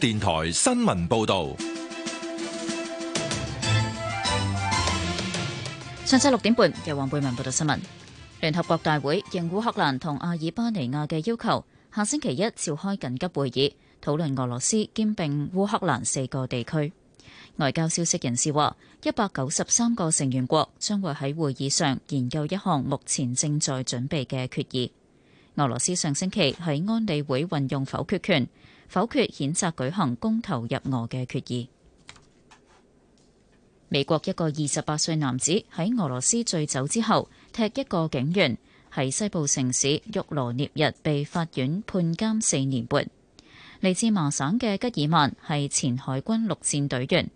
電台新聞報道：上晝六點半，由黃貝文報道新聞。聯合國大會應烏克蘭同阿爾巴尼亞嘅要求，下星期一召開緊急會議，討論俄羅斯兼併烏克蘭四個地區。外交消息人士話，一百九十三個成員國將會喺會議上研究一項目前正在準備嘅決議。俄羅斯上星期喺安理會運用否決權。否決譴責舉行公投入俄嘅決議。美國一個二十八歲男子喺俄羅斯醉酒之後踢一個警員，喺西部城市沃羅涅日被法院判監四年半。嚟自麻省嘅吉爾曼係前海軍陸戰隊員。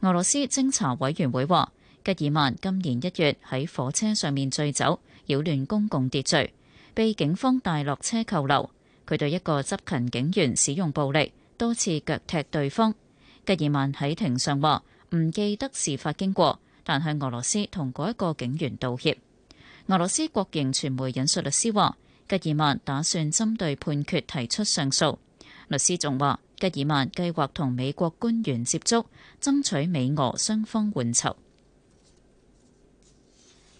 俄羅斯偵查委員會話，吉爾曼今年一月喺火車上面醉酒，擾亂公共秩序，被警方帶落車扣留。佢對一個執勤警員使用暴力，多次腳踢對方。吉爾曼喺庭上話唔記得事發經過，但向俄羅斯同嗰一個警員道歉。俄羅斯國營傳媒引述律師話，吉爾曼打算針對判決提出上訴。律師仲話，吉爾曼計劃同美國官員接觸，爭取美俄雙方換囚。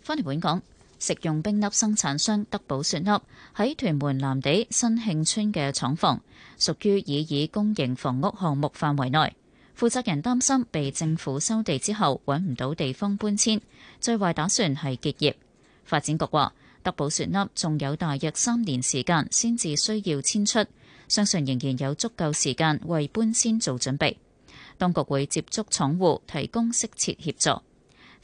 翻嚟本港。食用冰粒生產商德寶雪粒喺屯門藍地新興村嘅廠房，屬於已以公營房屋項目範圍內。負責人擔心被政府收地之後揾唔到地方搬遷，最壞打算係結業。發展局話，德寶雪粒仲有大約三年時間先至需要遷出，相信仍然有足夠時間為搬遷做準備。當局會接觸廠戶，提供適切協助。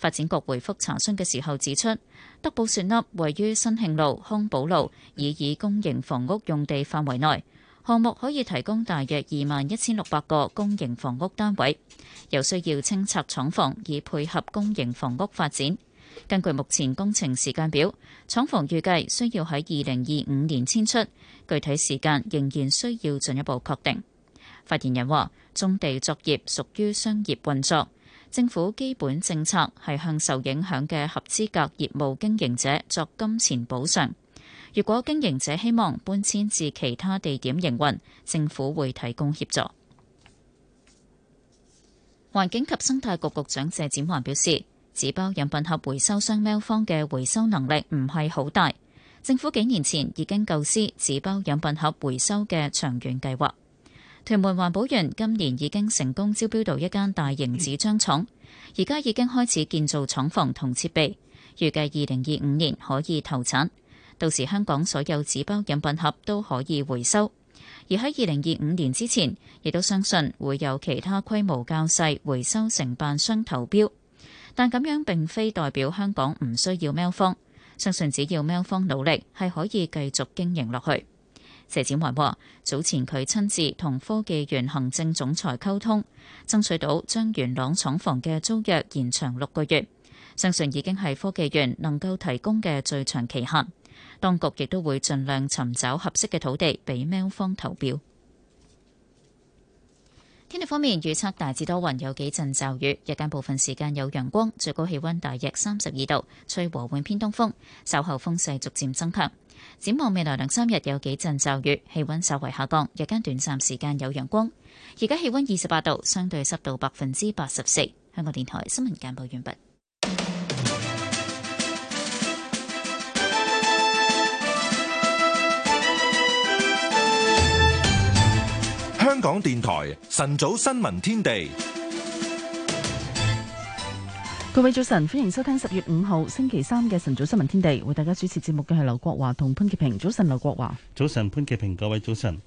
發展局回覆查詢嘅時候指出，德寶雪粒位於新興路康寶路，以以公營房屋用地範圍內，項目可以提供大約二萬一千六百個公營房屋單位。有需要清拆廠房以配合公營房屋發展。根據目前工程時間表，廠房預計需要喺二零二五年遷出，具體時間仍然需要進一步確定。發言人話，中地作業屬於商業運作。政府基本政策係向受影響嘅合資格業務經營者作金錢補償。如果經營者希望搬遷至其他地點營運，政府會提供協助。環境及生態局局長謝展寰表示，紙包飲品盒回收商喵坊嘅回收能力唔係好大，政府幾年前已經構思紙包飲品盒回收嘅長遠計劃。屯門環保園今年已經成功招標到一間大型紙張廠，而家已經開始建造廠房同設備，預計二零二五年可以投產。到時香港所有紙包飲品盒都可以回收。而喺二零二五年之前，亦都相信會有其他規模較細回收承辦商投標。但咁樣並非代表香港唔需要喵坊，相信只要喵坊努力，係可以繼續經營落去。謝展華話：早前佢親自同科技園行政總裁溝通，爭取到將元朗廠房嘅租約延長六個月，相信已經係科技園能夠提供嘅最長期限。當局亦都會盡量尋找合適嘅土地俾喵方投標。天氣方面，預測大致多雲，有幾陣驟雨，日間部分時間有陽光，最高氣温大約三十二度，吹和緩偏東風，稍後風勢逐漸增強。展望未來兩三日有幾陣驟雨，氣溫稍為下降，日間短暫時間有陽光。而家氣溫二十八度，相對濕度百分之八十四。香港電台新聞簡報完畢。香港電台晨早新聞天地。各位早晨，歡迎收聽十月五號星期三嘅晨早新聞天地。為大家主持節目嘅係劉國華同潘潔平。早晨，劉國華。早晨，潘潔平。各位早晨。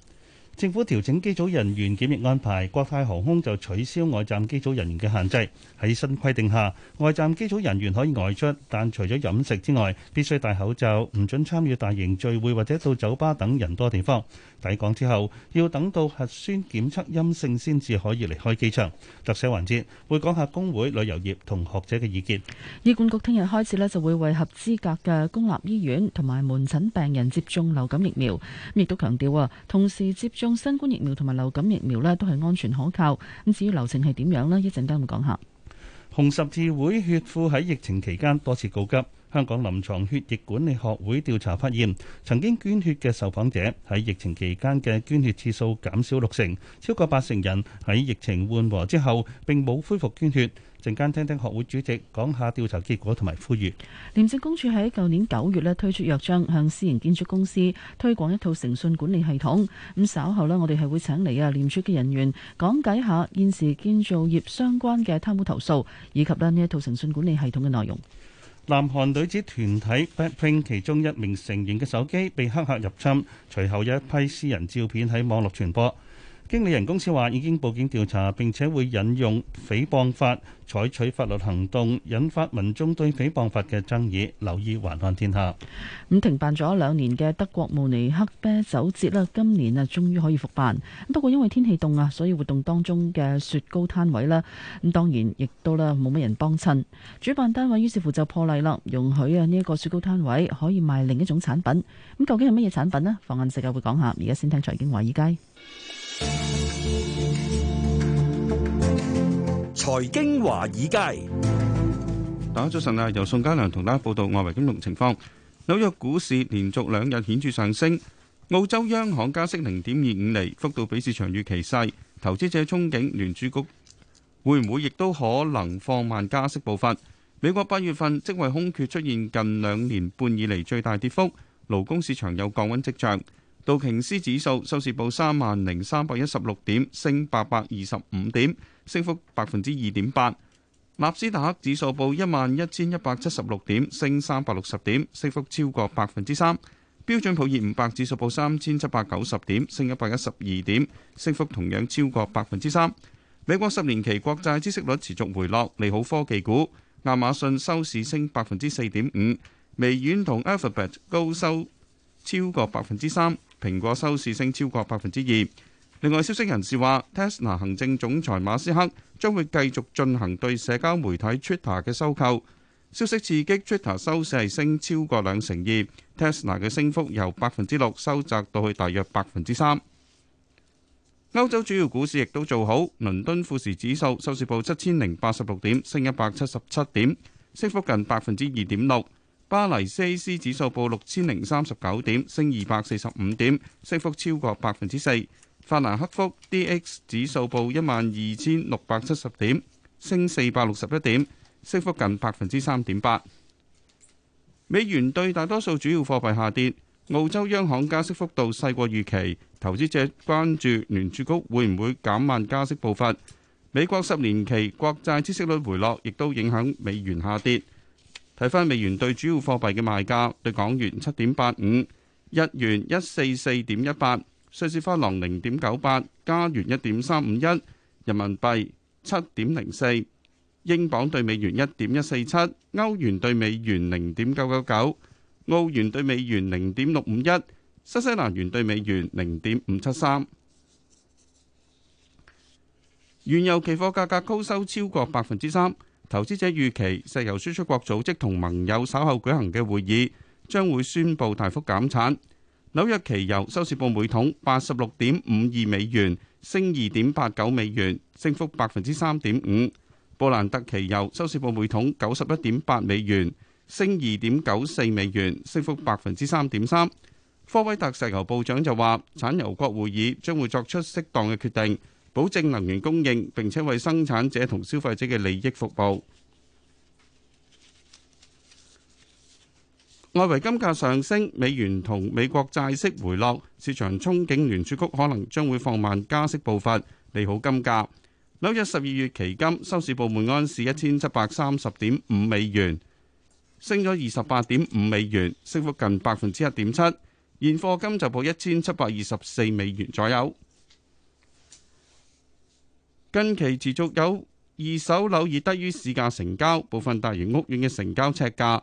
政府調整機組人員檢疫安排，國泰航空就取消外站機組人員嘅限制。喺新規定下，外站機組人員可以外出，但除咗飲食之外，必須戴口罩，唔准參與大型聚會或者到酒吧等人多地方。抵港之後，要等到核酸檢測陰性先至可以離開機場。特寫環節會講下工會、旅遊業同學者嘅意見。醫管局聽日開始呢，就會為合資格嘅公立醫院同埋門診病人接種流感疫苗。亦都強調啊，同時接種。用新冠疫苗同埋流感疫苗呢，都係安全可靠。咁至於流程係點樣呢？一陣間會講下。紅十字會血庫喺疫情期間多次告急。香港臨床血液管理學會調查發現，曾經捐血嘅受訪者喺疫情期間嘅捐血次數減少六成，超過八成人喺疫情緩和之後並冇恢復捐血。陣間聽聽學會主席講下調查結果同埋呼籲。廉政公署喺舊年九月咧推出約章，向私營建築公司推廣一套誠信管理系統。咁稍後咧，我哋係會請嚟啊廉署嘅人員講解下現時建造業相關嘅貪污投訴，以及咧呢一套誠信管理系統嘅內容。南韓女子團體 BLACKPINK 其中一名成員嘅手機被黑客入侵，隨後有一批私人照片喺網絡傳播。經理人公司話已經報警調查，並且會引用誹謗法採取法律行動，引發民眾對誹謗法嘅爭議。留意《環看天下》。咁停辦咗兩年嘅德國慕尼黑啤酒節啦，今年啊終於可以復辦。不過因為天氣凍啊，所以活動當中嘅雪糕攤位咧，咁當然亦都啦冇乜人幫襯。主辦單位於是乎就破例啦，容許啊呢一個雪糕攤位可以賣另一種產品。咁究竟係乜嘢產品呢？放眼世界會講下，而家先聽財經華爾街。財經華爾街，大家早晨啊！由宋家良同大家報道外圍金融情況。紐約股市連續兩日顯著上升，澳洲央行加息零點二五厘，幅度比市場預期細，投資者憧憬聯儲局會唔會亦都可能放慢加息步伐。美國八月份職位空缺出現近兩年半以嚟最大跌幅，勞工市場有降溫跡象。道瓊斯指數收市報三萬零三百一十六點，升八百二十五點。升幅百分之二點八，納斯達克指數報一萬一千一百七十六點，升三百六十點，升幅超過百分之三。標準普爾五百指數報三千七百九十點，升一百一十二點，升幅同樣超過百分之三。美國十年期國債孳息率持續回落，利好科技股。亞馬遜收市升百分之四點五，微軟同 Alphabet 高收超過百分之三，蘋果收市升超過百分之二。另外，消息人士話，Tesla 行政總裁馬斯克將會繼續進行對社交媒體 Twitter 嘅收購。消息刺激 Twitter 收市係升超過兩成二，Tesla 嘅升幅由百分之六收窄到去大約百分之三。歐洲主要股市亦都做好，倫敦富時指數收市報七千零八十六點，升一百七十七點，升幅近百分之二點六；巴黎 CAC 指數報六千零三十九點，升二百四十五點，升幅超過百分之四。法蘭克福 DAX 指數報一萬二千六百七十點，升四百六十一點，升幅近百分之三點八。美元對大多數主要貨幣下跌，澳洲央行加息幅度細過預期，投資者關注聯儲局會唔會減慢加息步伐。美國十年期國債孳息率回落，亦都影響美元下跌。睇翻美元對主要貨幣嘅賣價，對港元七點八五，日元一四四點一八。瑞士法郎零點九八，加元一點三五一，人民幣七點零四，英鎊兌美元一點一四七，歐元兌美元零點九九九，澳元兌美元零點六五一，新西蘭元兌美元零點五七三。原油期貨價格高收超過百分之三，投資者預期石油輸出國組織同盟友稍後舉行嘅會議將會宣布大幅減產。紐約期油收市報每桶八十六點五二美元，升二點八九美元，升幅百分之三點五。布蘭特期油收市報每桶九十一點八美元，升二點九四美元，升幅百分之三點三。科威特石油部長就話，產油國會議將會作出適當嘅決定，保證能源供應，並且為生產者同消費者嘅利益服務。外圍金價上升，美元同美國債息回落，市場憧憬聯儲局可能將會放慢加息步伐，利好金價。紐約十二月期金收市報每安士一千七百三十點五美元，升咗二十八點五美元，升幅近百分之一點七。現貨金就報一千七百二十四美元左右。近期持續有二手樓以低於市價成交，部分大型屋苑嘅成交尺價。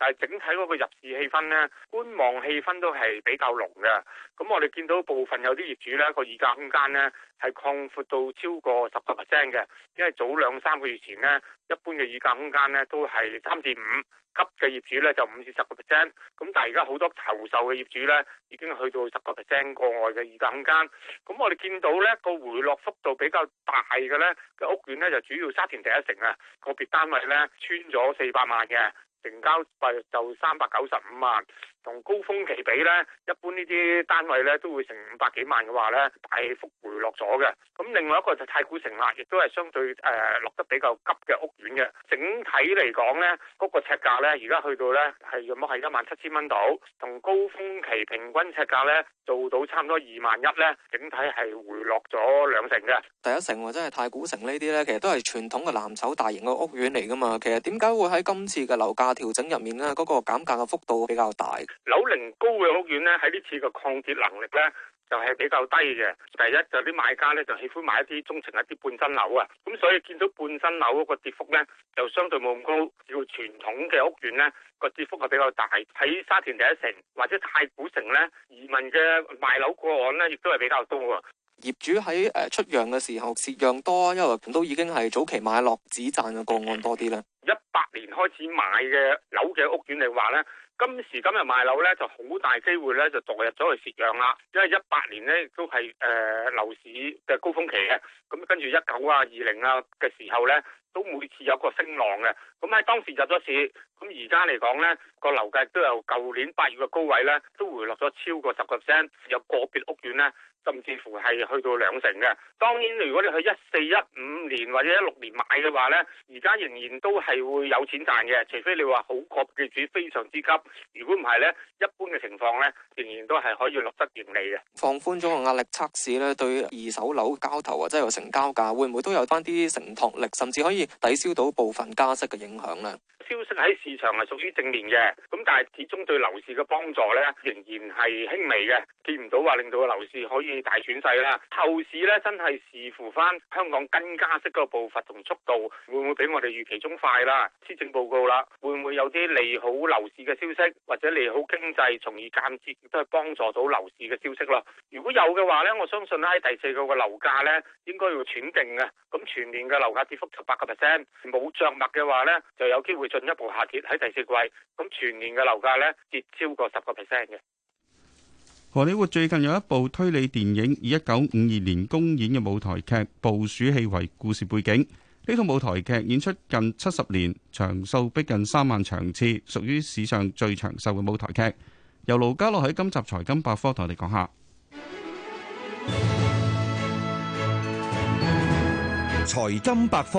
但係整體嗰個入市氣氛呢，觀望氣氛都係比較濃嘅。咁我哋見到部分有啲業主呢，個議價空間呢係擴闊到超過十個 percent 嘅，因為早兩三個月前呢，一般嘅議價空間呢都係三至五，急嘅業主呢，就五至十個 percent。咁但係而家好多投售嘅業主呢，已經去到十個 percent 過外嘅議價空間。咁我哋見到呢個回落幅度比較大嘅呢，嘅屋苑呢就主要沙田第一城啊，個別單位呢穿咗四百萬嘅。成交費就三百九十五萬。同高峰期比咧，一般呢啲單位咧都會成五百幾萬嘅話咧，大幅回落咗嘅。咁另外一個就太古城啦，亦都係相對誒、呃、落得比較急嘅屋苑嘅。整體嚟講咧，嗰、那個尺價咧而家去到咧係要麼係一萬七千蚊度，同高峰期平均尺價咧做到差唔多二萬一咧，整體係回落咗兩成嘅。第一城或者係太古城呢啲咧，其實都係傳統嘅藍籌大型嘅屋苑嚟噶嘛。其實點解會喺今次嘅樓價調整入面咧，嗰、那個減價嘅幅度比較大？樓齡高嘅屋苑咧，喺呢次嘅抗跌能力咧，就係、是、比較低嘅。第一就啲、是、買家咧就喜歡買一啲中層一啲半新樓啊，咁所以見到半新樓嗰個跌幅咧，就相對冇咁高。要傳統嘅屋苑咧，個跌幅係比較大。喺沙田第一城或者太古城咧，移民嘅賣樓個案咧，亦都係比較多啊。業主喺誒出讓嘅時候，蝕讓多，因為都已經係早期買落止賺嘅個案多啲啦。一八年開始買嘅樓嘅屋苑嚟話咧。今時今日賣樓呢就好大機會呢就墮入咗去蝕讓啦。因為一八年呢都係誒、呃、樓市嘅高峰期嘅，咁跟住一九啊、二零啊嘅時候呢，都每次有個升浪嘅。咁喺當時入咗市，咁而家嚟講呢，個樓價都由舊年八月嘅高位呢，都回落咗超過十個 percent，有個別屋苑呢。甚至乎係去到兩成嘅。當然，如果你去一四一五年或者一六年買嘅話呢，而家仍然都係會有錢賺嘅。除非你話好急嘅主非常之急，如果唔係呢，一般嘅情況呢，仍然都係可以落得盈利嘅。放寬咗個壓力測試呢，對二手樓交投或者有成交價，會唔會都有翻啲承托力，甚至可以抵消到部分加息嘅影響呢？消息喺市場係屬於正面嘅，咁但係始終對樓市嘅幫助呢，仍然係輕微嘅，見唔到話令到個樓市可以。大轉勢啦！後市咧真係視乎翻香港跟加息嘅步伐同速度，會唔會比我哋預期中快啦？施政報告啦，會唔會有啲利好樓市嘅消息，或者利好經濟，從而間接都係幫助到樓市嘅消息啦？如果有嘅話咧，我相信喺第四個嘅樓價咧，應該要轉定嘅。咁全年嘅樓價跌幅十八個 percent，冇着墨嘅話咧，就有機會進一步下跌喺第四季。咁全年嘅樓價咧，跌超過十個 percent 嘅。荷里活最近有一部推理電影，以一九五二年公演嘅舞台劇《捕鼠器》為故事背景。呢套舞台劇演出近七十年，場數逼近三萬場次，屬於史上最長壽嘅舞台劇。由盧家樂喺今集《財金百科》同我哋講下《財金百科》。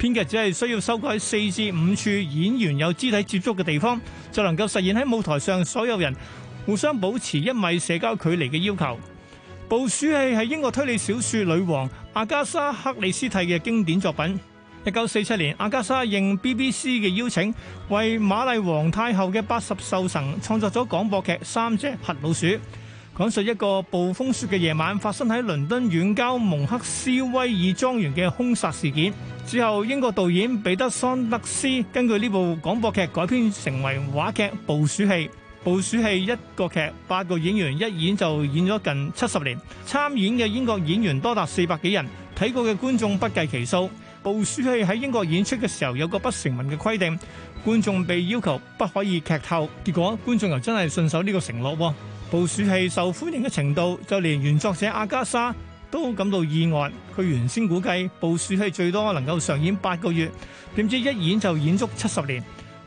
編劇只係需要修改四至五處演員有肢體接觸嘅地方，就能夠實現喺舞台上所有人互相保持一米社交距離嘅要求。《捕鼠器》係英國推理小說女王阿加莎·克里斯蒂嘅經典作品。一九四七年，阿加莎應 BBC 嘅邀請，為瑪麗皇太后嘅八十壽辰創作咗廣播劇《三隻瞎老鼠》。講述一個暴風雪嘅夜晚發生喺倫敦遠郊蒙克斯威爾莊園嘅凶殺事件之後，英國導演彼得桑德斯根據呢部廣播劇改編成為話劇《捕鼠器》。《捕鼠器》一個劇，八個演員一演就演咗近七十年，參演嘅英國演員多達四百幾人，睇過嘅觀眾不計其數。《捕鼠器》喺英國演出嘅時候有個不成文嘅規定，觀眾被要求不可以劇透，結果觀眾又真係信守呢個承諾。《捕鼠器》受歡迎嘅程度，就連原作者阿加莎都感到意外。佢原先估計《捕鼠器》最多能夠上演八個月，點知一演就演足七十年。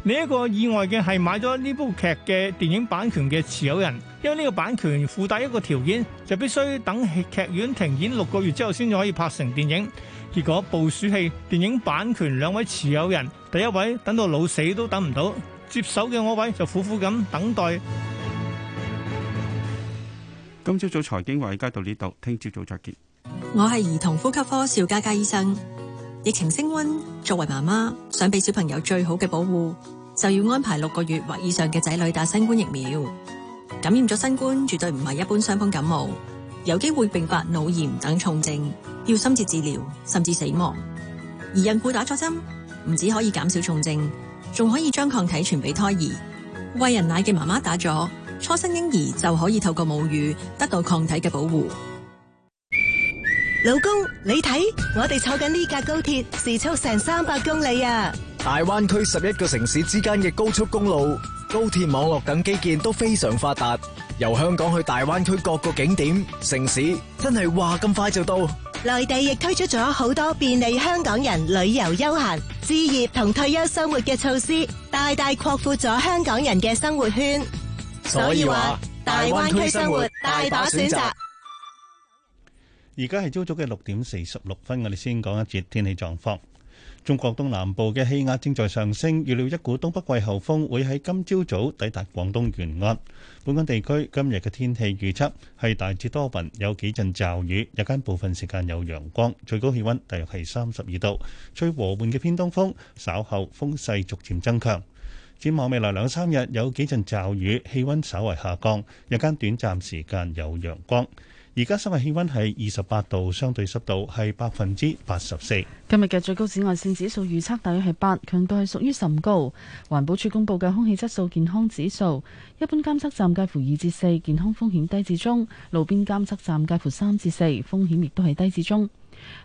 另一個意外嘅係買咗呢部劇嘅電影版權嘅持有人，因為呢個版權附帶一個條件，就必須等劇院停演六個月之後先至可以拍成電影。結果《捕鼠器》電影版權兩位持有人，第一位等到老死都等唔到，接手嘅嗰位就苦苦咁等待。今朝早財經話喺街到呢度，聽朝早再見。我係兒童呼吸科邵嘉嘉醫生。疫情升温，作為媽媽想俾小朋友最好嘅保護，就要安排六個月或以上嘅仔女打新冠疫苗。感染咗新冠絕對唔係一般傷風感冒，有機會併發腦炎等重症，要深切治療甚至死亡。而孕婦打咗針，唔止可以減少重症，仲可以將抗體傳俾胎兒。喂人奶嘅媽媽打咗。初生嬰兒就可以透過母乳得到抗體嘅保護。老公，你睇，我哋坐緊呢架高鐵，時速成三百公里啊！大灣區十一個城市之間嘅高速公路、高鐵網絡等基建都非常發達。由香港去大灣區各個景點、城市，真係話咁快就到。內地亦推出咗好多便利香港人旅遊、休閒、置業同退休生活嘅措施，大大擴闊咗香港人嘅生活圈。所以話大灣區生活大把選擇。而家係朝早嘅六點四十六分，我哋先講一節天氣狀況。中國東南部嘅氣壓正在上升，預料一股東北季候風會喺今朝早抵達廣東沿岸。本港地區今日嘅天氣預測係大致多雲，有幾陣驟雨，日間部分時間有陽光，最高氣溫大約係三十二度，吹和緩嘅偏東風，稍後風勢逐漸增強。展望未來兩三日有幾陣驟雨，氣溫稍為下降，日間短暫時間有陽光。而家室外氣溫係二十八度，相對濕度係百分之八十四。今日嘅最高紫外線指數預測大約係八，強度係屬於甚高。環保署公布嘅空氣質素健康指數，一般監測站介乎二至四，健康風險低至中；路邊監測站介乎三至四，風險亦都係低至中。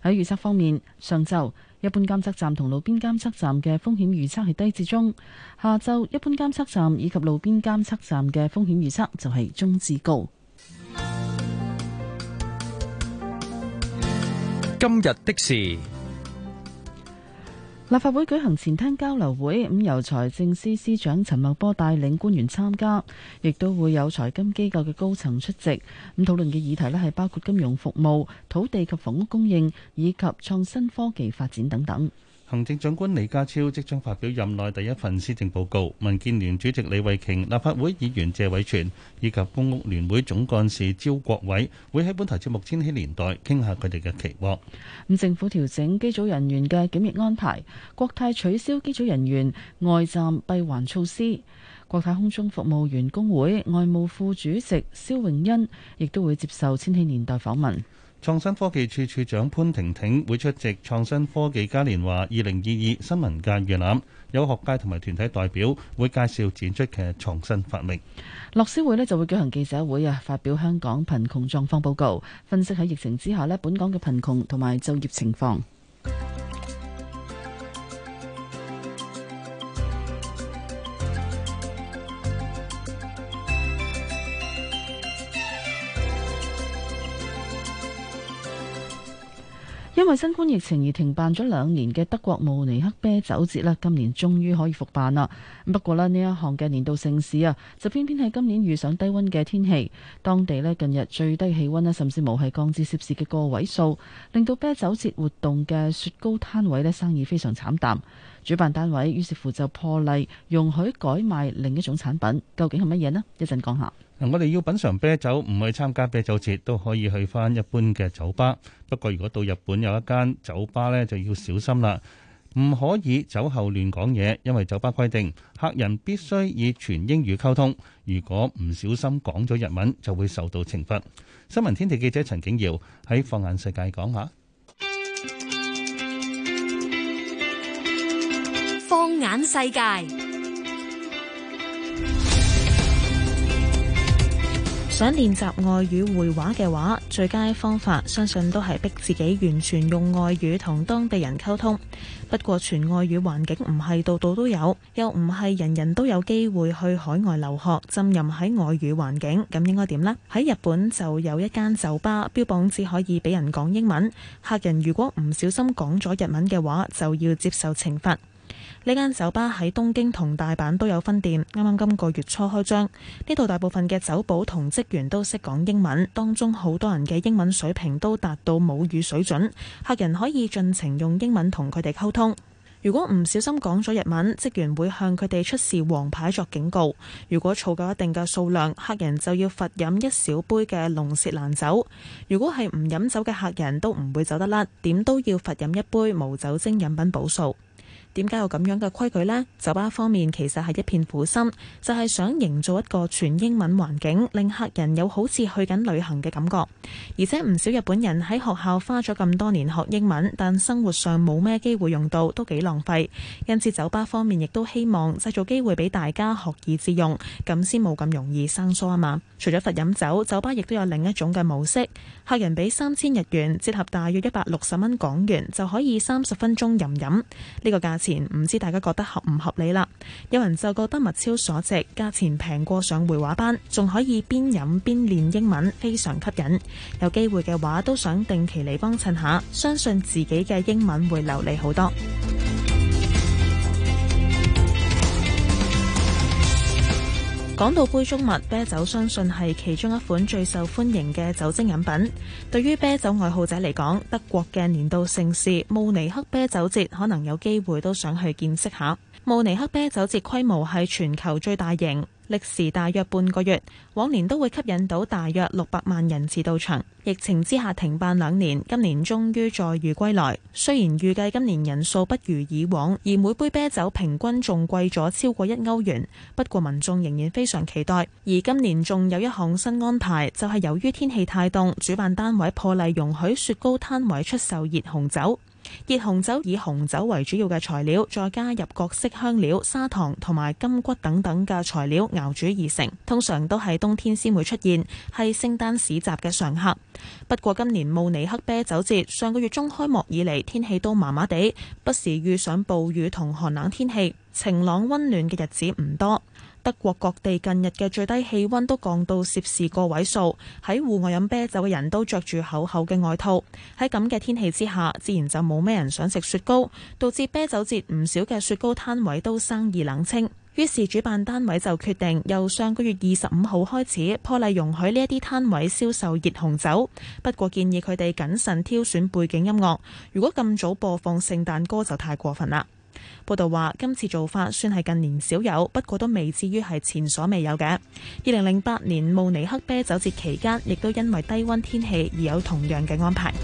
喺預測方面，上晝一般監測站同路邊監測站嘅風險預測係低至中；下晝一般監測站以及路邊監測站嘅風險預測就係中至高。今日的事。立法會舉行前廳交流會，咁由財政司司長陳茂波帶領官員參加，亦都會有財金機構嘅高層出席，咁討論嘅議題呢係包括金融服務、土地及房屋供應以及創新科技發展等等。行政長官李家超即將發表任內第一份施政報告，民建聯主席李慧瓊、立法會議員謝偉全以及公屋聯會總幹事招國偉會喺本台節目《千禧年代》傾下佢哋嘅期望。政府調整機組人員嘅檢疫安排，國泰取消機組人員外站閉環措施。國泰空中服務員工會外務副主席蕭穎恩亦都會接受《千禧年代》訪問。創新科技署署長潘婷婷會出席創新科技嘉年華二零二二新聞界預覽，有學界同埋團體代表會介紹展出嘅創新發明。樂施會咧就會舉行記者會啊，發表香港貧窮狀況報告，分析喺疫情之下咧本港嘅貧窮同埋就業情況。因為新冠疫情而停辦咗兩年嘅德國慕尼黑啤酒節啦，今年終於可以復辦啦。不過呢，呢一項嘅年度盛事啊，就偏偏喺今年遇上低溫嘅天氣，當地咧近日最低氣溫咧甚至冇係降至攝氏嘅個位數，令到啤酒節活動嘅雪糕攤位咧生意非常慘淡。主辦單位於是乎就破例容許改賣另一種產品，究竟係乜嘢呢？一陣講下。我哋要品嚐啤酒，唔去參加啤酒節，都可以去翻一般嘅酒吧。不過如果到日本有一間酒吧咧，就要小心啦，唔可以酒後亂講嘢，因為酒吧規定客人必須以全英語溝通。如果唔小心講咗日文，就會受到懲罰。新聞天地記者陳景堯喺放眼世界講下，放眼世界。想練習外語會話嘅話，最佳方法相信都係逼自己完全用外語同當地人溝通。不過，全外語環境唔係度度都有，又唔係人人都有機會去海外留學，浸淫喺外語環境。咁應該點呢？喺日本就有一間酒吧，標榜只可以畀人講英文，客人如果唔小心講咗日文嘅話，就要接受懲罰。呢間酒吧喺東京同大阪都有分店，啱啱今個月初開張。呢度大部分嘅酒保同職員都識講英文，當中好多人嘅英文水平都達到母語水準。客人可以盡情用英文同佢哋溝通。如果唔小心講咗日文，職員會向佢哋出示黃牌作警告。如果儲夠一定嘅數量，客人就要罰飲一小杯嘅龍舌蘭酒。如果係唔飲酒嘅客人，都唔會走得甩，點都要罰飲一杯無酒精飲品補數。點解有咁樣嘅規矩呢？酒吧方面其實係一片苦心，就係想營造一個全英文環境，令客人有好似去緊旅行嘅感覺。而且唔少日本人喺學校花咗咁多年學英文，但生活上冇咩機會用到，都幾浪費。因此酒吧方面亦都希望製造機會俾大家學以致用，咁先冇咁容易生疏啊嘛。除咗罰飲酒，酒吧亦都有另一種嘅模式，客人俾三千日元，折合大約一百六十蚊港元，就可以三十分鐘任飲呢個價錢。唔知大家覺得合唔合理啦？有人就覺得物超所值，價錢平過上會話班，仲可以邊飲邊練英文，非常吸引。有機會嘅話，都想定期嚟幫襯下，相信自己嘅英文會流利好多。講到杯中物，啤酒相信係其中一款最受歡迎嘅酒精飲品。對於啤酒愛好者嚟講，德國嘅年度盛事慕尼黑啤酒節可能有機會都想去見識下。慕尼黑啤酒節規模係全球最大型。歷時大約半個月，往年都會吸引到大約六百萬人次到場。疫情之下停辦兩年，今年終於載譽歸來。雖然預計今年人數不如以往，而每杯啤酒平均仲貴咗超過一歐元。不過民眾仍然非常期待。而今年仲有一項新安排，就係、是、由於天氣太凍，主辦單位破例容許雪糕攤位出售熱紅酒。熱紅酒以紅酒為主要嘅材料，再加入各式香料、砂糖同埋金骨等等嘅材料熬煮而成。通常都係冬天先會出現，係聖誕市集嘅常客。不過今年慕尼黑啤酒節上個月中開幕以嚟，天氣都麻麻地，不時遇上暴雨同寒冷天氣，晴朗温暖嘅日子唔多。德國各地近日嘅最低氣温都降到攝氏個位數，喺戶外飲啤酒嘅人都着住厚厚嘅外套。喺咁嘅天氣之下，自然就冇咩人想食雪糕，導致啤酒節唔少嘅雪糕攤位都生意冷清。於是主辦單位就決定，由上個月二十五號開始，破例容許呢一啲攤位銷售熱紅酒。不過建議佢哋謹慎挑選背景音樂，如果咁早播放聖誕歌就太過分啦。報道話：今次做法算係近年少有，不過都未至於係前所未有嘅。二零零八年慕尼黑啤酒節期間，亦都因為低温天氣而有同樣嘅安排。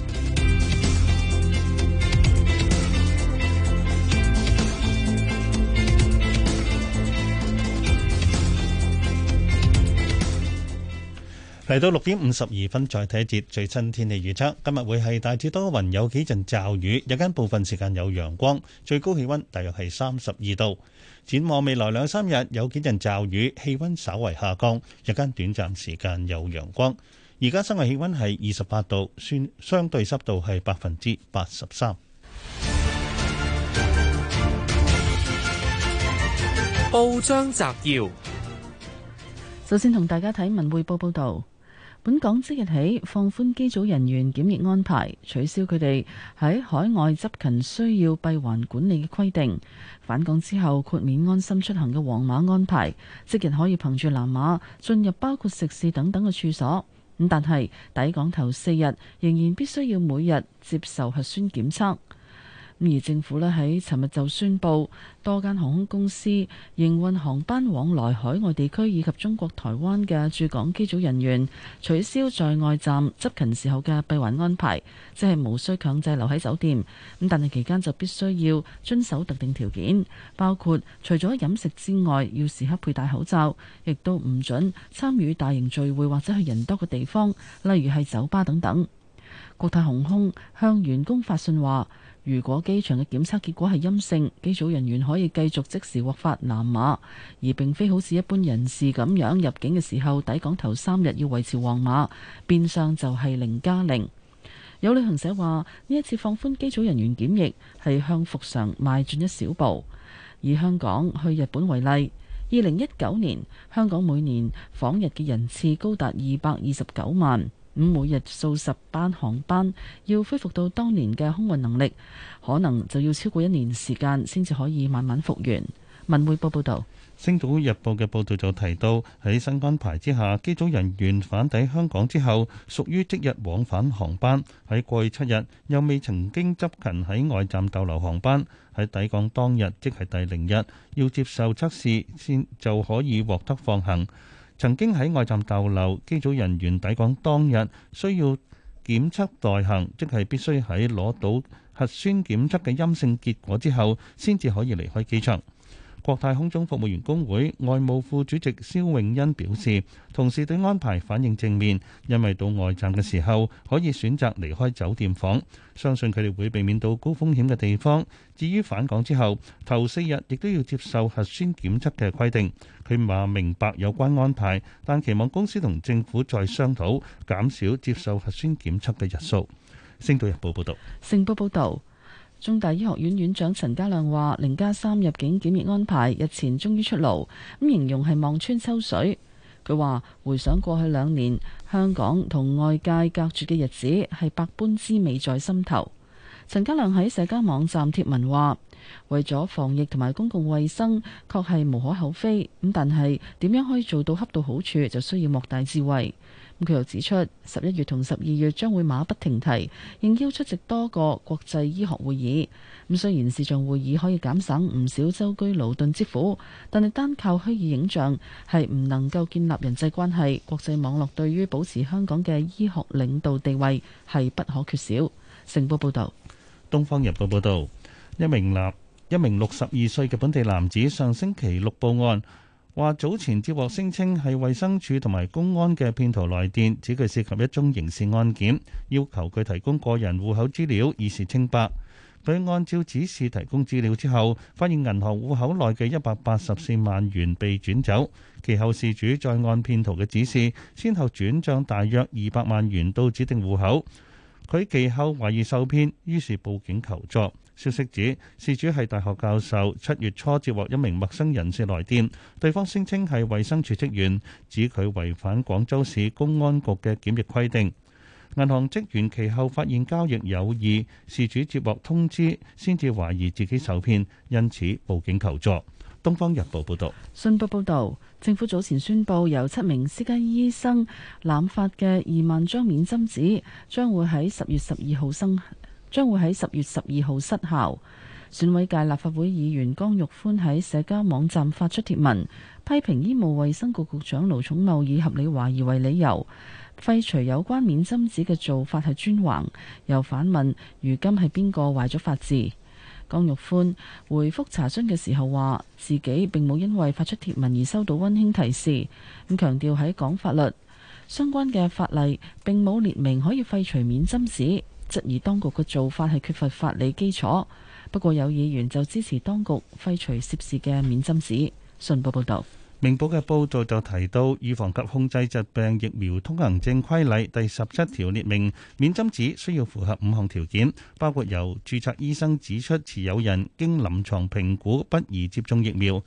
嚟到六點五十二分，再睇一節最新天氣預測。今日會係大致多雲，有幾陣驟雨，日間部分時間有陽光，最高氣溫大約係三十二度。展望未來兩三日有幾陣驟雨，氣溫稍為下降，日間短暫時間有陽光。而家室外氣溫係二十八度，算相對濕度係百分之八十三。報章摘要，首先同大家睇文匯報報道。本港即日起放寬機組人員檢疫安排，取消佢哋喺海外執勤需要閉環管理嘅規定。返港之後豁免安心出行嘅黃碼安排，即日可以憑住藍碼進入包括食肆等等嘅處所。咁但係抵港頭四日仍然必須要每日接受核酸檢測。咁而政府呢喺尋日就宣布，多間航空公司營運航班往來海外地區以及中國台灣嘅駐港機組人員，取消在外站執勤時候嘅閉環安排，即係無需強制留喺酒店。咁但係期間就必須要遵守特定條件，包括除咗飲食之外，要時刻佩戴口罩，亦都唔准參與大型聚會或者去人多嘅地方，例如係酒吧等等。國泰航空向員工發信話。如果機場嘅檢測結果係陰性，機組人員可以繼續即時獲發藍碼，而並非好似一般人士咁樣入境嘅時候抵港頭三日要維持黃碼，變相就係零加零。有旅行社話：呢一次放寬機組人員檢疫係向復常邁進一小步。以香港去日本為例，二零一九年香港每年訪日嘅人次高達二百二十九萬。咁每日數十班航班要恢復到當年嘅空運能力，可能就要超過一年時間先至可以慢慢復原。文匯報報導，《星島日報》嘅報導就提到，喺新安排之下，機組人員返抵香港之後，屬於即日往返航班，喺過去七日又未曾經執勤喺外站逗留航班，喺抵港當日即係第零日，要接受測試先就可以獲得放行。曾經喺外站逗留，機組人員抵港當日需要檢測待行，即係必須喺攞到核酸檢測嘅陰性結果之後，先至可以離開機場。國泰空中服務員工會外務副主席蕭永恩表示，同事對安排反應正面，因為到外站嘅時候可以選擇離開酒店房，相信佢哋會避免到高風險嘅地方。至於返港之後，頭四日亦都要接受核酸檢測嘅規定。佢話明白有關安排，但期望公司同政府再商討減少接受核酸檢測嘅日數。星島日報報道，星報報道。中大醫學院院長陳家亮話：零加三入境檢疫安排日前終於出爐，咁形容係望穿秋水。佢話回想過去兩年香港同外界隔絕嘅日子，係百般滋味在心頭。陳家亮喺社交網站貼文話：為咗防疫同埋公共衛生，確係無可厚非。咁但係點樣可以做到恰到好處，就需要莫大智慧。佢又指出，十一月同十二月將會馬不停蹄，應邀出席多個國際醫學會議。咁雖然視像會議可以減省唔少舟車勞頓之苦，但係單靠虛擬影像係唔能夠建立人際關係。國際網絡對於保持香港嘅醫學領導地位係不可缺少。成報報道，東方日報報道，一名男一名六十二歲嘅本地男子上星期六報案。話早前接獲聲稱係衛生署同埋公安嘅騙徒來電，指佢涉及一宗刑事案件，要求佢提供個人戶口資料以示清白。佢按照指示提供資料之後，發現銀行戶口內嘅一百八十四萬元被轉走。其後事主再按騙徒嘅指示，先後轉賬大約二百萬元到指定戶口。佢其後懷疑受騙，於是報警求助。消息指，事主係大學教授，七月初接獲一名陌生人士來電，對方聲稱係衛生署職員，指佢違反廣州市公安局嘅檢疫規定。銀行職員其後發現交易有異，事主接獲通知，先至懷疑自己受騙，因此報警求助。《東方日報》報道。信報報道，政府早前宣布，由七名私家醫生濫發嘅二萬張免針紙將會喺十月十二號生。將會喺十月十二號失效。選委界立法會議員江玉歡喺社交網站發出貼文，批評醫務衛生局局長盧寵茂以合理懷疑為理由廢除有關免針紙嘅做法係專橫，又反問如今係邊個壞咗法治。江玉歡回覆查詢嘅時候話，自己並冇因為發出貼文而收到溫馨提示，咁強調喺港法律，相關嘅法例並冇列明可以廢除免針紙。質疑當局嘅做法係缺乏法理基礎，不過有議員就支持當局廢除涉事嘅免針紙。信報報道，明報嘅報道就提到，預防及控制疾病疫苗通行證規例第十七條列明，免針紙需要符合五項條件，包括由註冊醫生指出持有人經臨床評估不宜接種疫苗。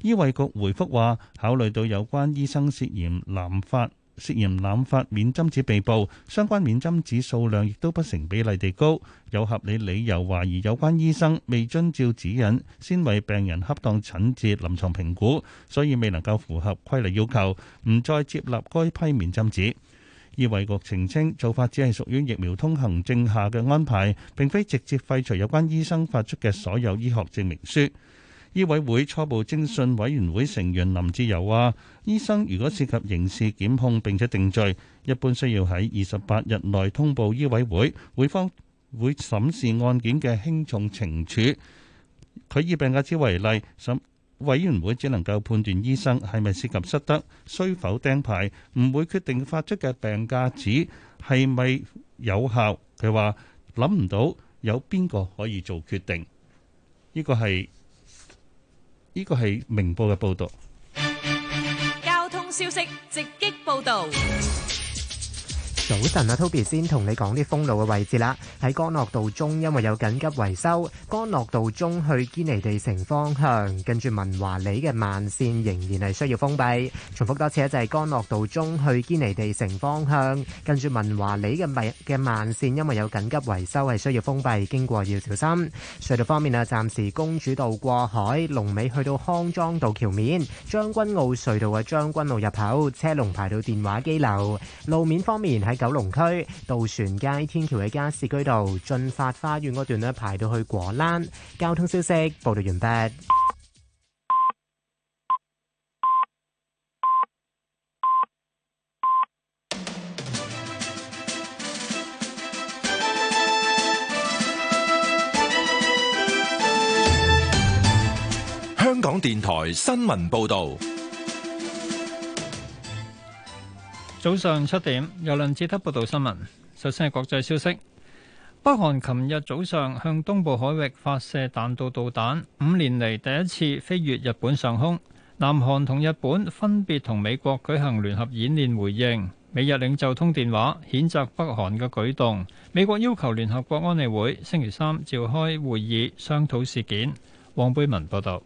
醫衛局回覆話，考慮到有關醫生涉嫌濫發。涉嫌濫發免針紙被捕，相關免針紙數量亦都不成比例地高，有合理理由懷疑有關醫生未遵照指引先為病人恰當診治臨床評估，所以未能夠符合規例要求，唔再接納該批免針紙。醫衛局澄清做法只係屬於疫苗通行證下嘅安排，並非直接廢除有關醫生發出嘅所有醫學證明書。醫委會初步偵訊委員會成員林志友話，醫生如果涉及刑事檢控並且定罪，一般需要喺二十八日內通報醫委會，會方會審視案件嘅輕重懲處。佢以病假紙為例，審委員會只能夠判斷醫生係咪涉及失德，需否釘牌，唔會決定發出嘅病假紙係咪有效。佢話諗唔到有邊個可以做決定。呢個係。呢個係明報嘅報導。交通消息直擊報導。早晨啊，Toby 先同你講啲封路嘅位置啦。喺干諾道中，因為有緊急維修，干諾道中去堅尼地城方向，跟住文華里嘅慢綫仍然係需要封閉。重複多次啊，就係干諾道中去堅尼地城方向，跟住文華里嘅慢嘅慢綫，因為有緊急維修係需要封閉，經過要小心。隧道方面啊，暫時公主道過海，龍尾去到康莊道橋面，將軍澳隧道嘅將軍澳入口車龍排到電話機樓。路面方面喺。喺九龍區渡船街天橋嘅加士居道、駿發花園嗰段咧，排到去果欄。交通消息報道完畢。香港電台新聞報道。早上七點，由梁志德報道新聞。首先係國際消息，北韓琴日早上向東部海域發射彈道導彈，五年嚟第一次飛越日本上空。南韓同日本分別同美國舉行聯合演練回應。美日領袖通電話，譴責北韓嘅舉動。美國要求聯合國安理會星期三召開會議商討事件。黃貝文報道。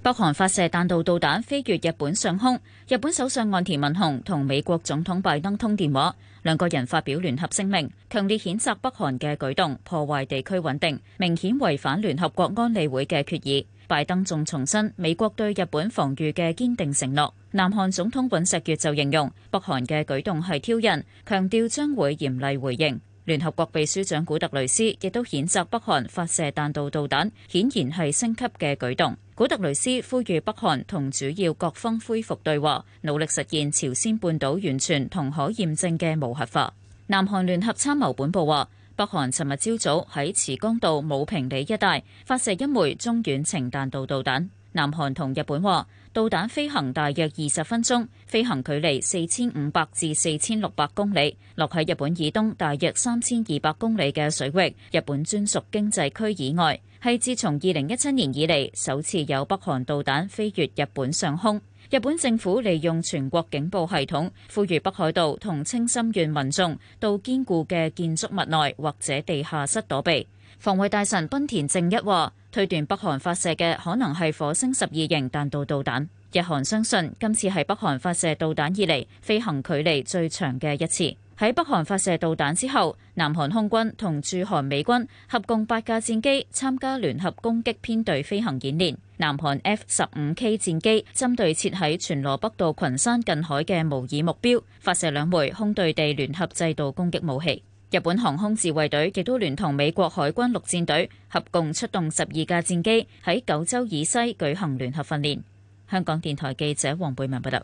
北韓發射彈道導彈飛越日本上空，日本首相岸田文雄同美國總統拜登通電話，兩個人發表聯合聲明，強烈譴責北韓嘅舉動破壞地區穩定，明顯違反聯合國安理會嘅決議。拜登仲重申美國對日本防禦嘅堅定承諾。南韓總統尹錫悅就形容北韓嘅舉動係挑釁，強調將會嚴厲回應。聯合國秘書長古特雷斯亦都譴責北韓發射彈道導彈，顯然係升級嘅舉動。古特雷斯呼籲北韓同主要各方恢復對話，努力實現朝鮮半島完全同可驗證嘅無核化。南韓聯合參謀本部話，北韓尋日朝早喺慈江道武平里一帶發射一枚中遠程彈道導彈。南韓同日本話，導彈飛行大約二十分鐘，飛行距離四千五百至四千六百公里，落喺日本以東大約三千二百公里嘅水域，日本專屬經濟區以外。係自從二零一七年以嚟，首次有北韓導彈飛越日本上空。日本政府利用全國警報系統，呼籲北海道同青森縣民眾到堅固嘅建築物內或者地下室躲避。防衛大臣濱田靖一話，推斷北韓發射嘅可能係火星十二型彈道導彈。日韓相信今次係北韓發射導彈以嚟，飛行距離最長嘅一次。喺北韓發射導彈之後，南韓空軍同駐韓美軍合共八架戰機參加聯合攻擊編隊飛行演練。南韓 F-15K 戰機針對設喺全羅北道羣山近海嘅模擬目標，發射兩枚空對地聯合制導攻擊武器。日本航空自衛隊亦都聯同美國海軍陸戰隊合共出動十二架戰機喺九州以西舉行聯合訓練。香港電台記者黃貝文報道。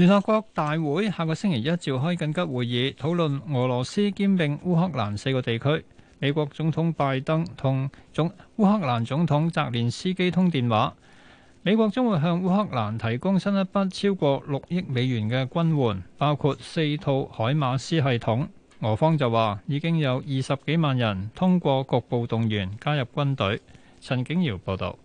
聯合國大會下個星期一召開緊急會議，討論俄羅斯兼併烏克蘭四個地區。美國總統拜登同總烏克蘭總統澤連斯基通電話，美國將會向烏克蘭提供新一筆超過六億美元嘅軍援，包括四套海馬斯系統。俄方就話已經有二十幾萬人通過局部動員加入軍隊。陳景堯報導。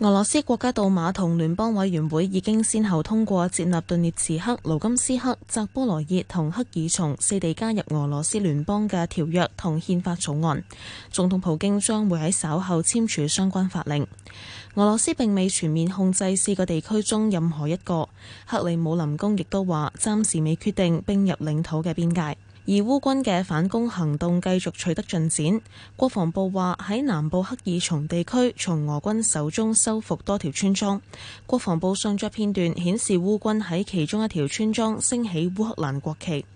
俄羅斯國家杜馬同聯邦委員會已經先後通過接納頓涅茨克、盧甘斯克、扎波羅熱同赫爾松四地加入俄羅斯聯邦嘅條約同憲法草案，總統普京將會喺稍後簽署相關法令。俄羅斯並未全面控制四個地區中任何一個。克里姆林宮亦都話暫時未決定併入領土嘅邊界。而烏軍嘅反攻行動繼續取得進展，國防部話喺南部克爾松地區從俄軍手中收復多條村莊。國防部上載片段顯示烏軍喺其中一條村莊升起烏克蘭國旗。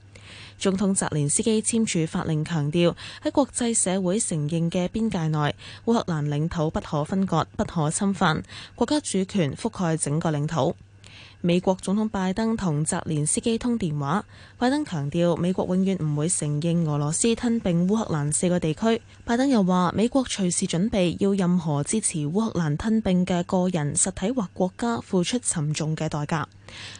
總統澤連斯基簽署法令強調，喺國際社會承認嘅邊界內，烏克蘭領土不可分割、不可侵犯，國家主權覆蓋整個領土。美國總統拜登同澤連斯基通電話，拜登強調美國永遠唔會承認俄羅斯吞併烏克蘭四個地區。拜登又話，美國隨時準備要任何支持烏克蘭吞併嘅個人、實體或國家付出沉重嘅代價。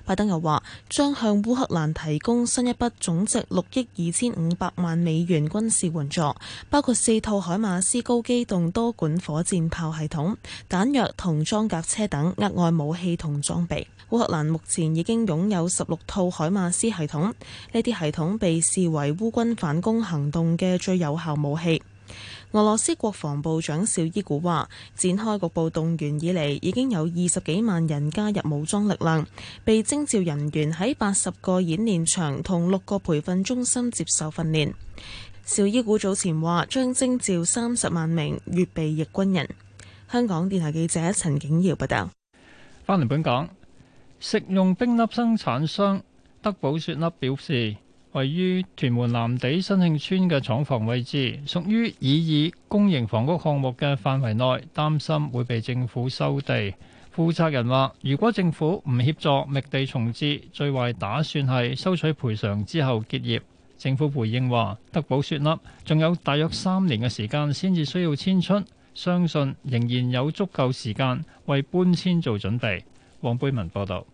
拜登又話，將向烏克蘭提供新一筆總值六億二千五百萬美元軍事援助，包括四套海馬斯高機動多管火箭炮系統、彈藥同裝甲車等額外武器同裝備。烏克蘭目前已經擁有十六套海馬斯系統，呢啲系統被視為烏軍反攻行動嘅最有效武器。俄羅斯國防部長邵伊古話，展開局部動員以嚟已經有二十幾萬人加入武裝力量，被徵召人員喺八十個演練場同六個培訓中心接受訓練。邵伊古早前話將徵召三十萬名預備役軍人。香港電台記者陳景堯報道。翻嚟本港。食用冰粒生產商德寶雪粒表示，位於屯門藍地新興村嘅廠房位置屬於擬議公營房屋項目嘅範圍內，擔心會被政府收地。負責人話：如果政府唔協助覓地重置，最壞打算係收取賠償之後結業。政府回應話：德寶雪粒仲有大約三年嘅時間先至需要遷出，相信仍然有足夠時間為搬遷做準備。黃貝文報道，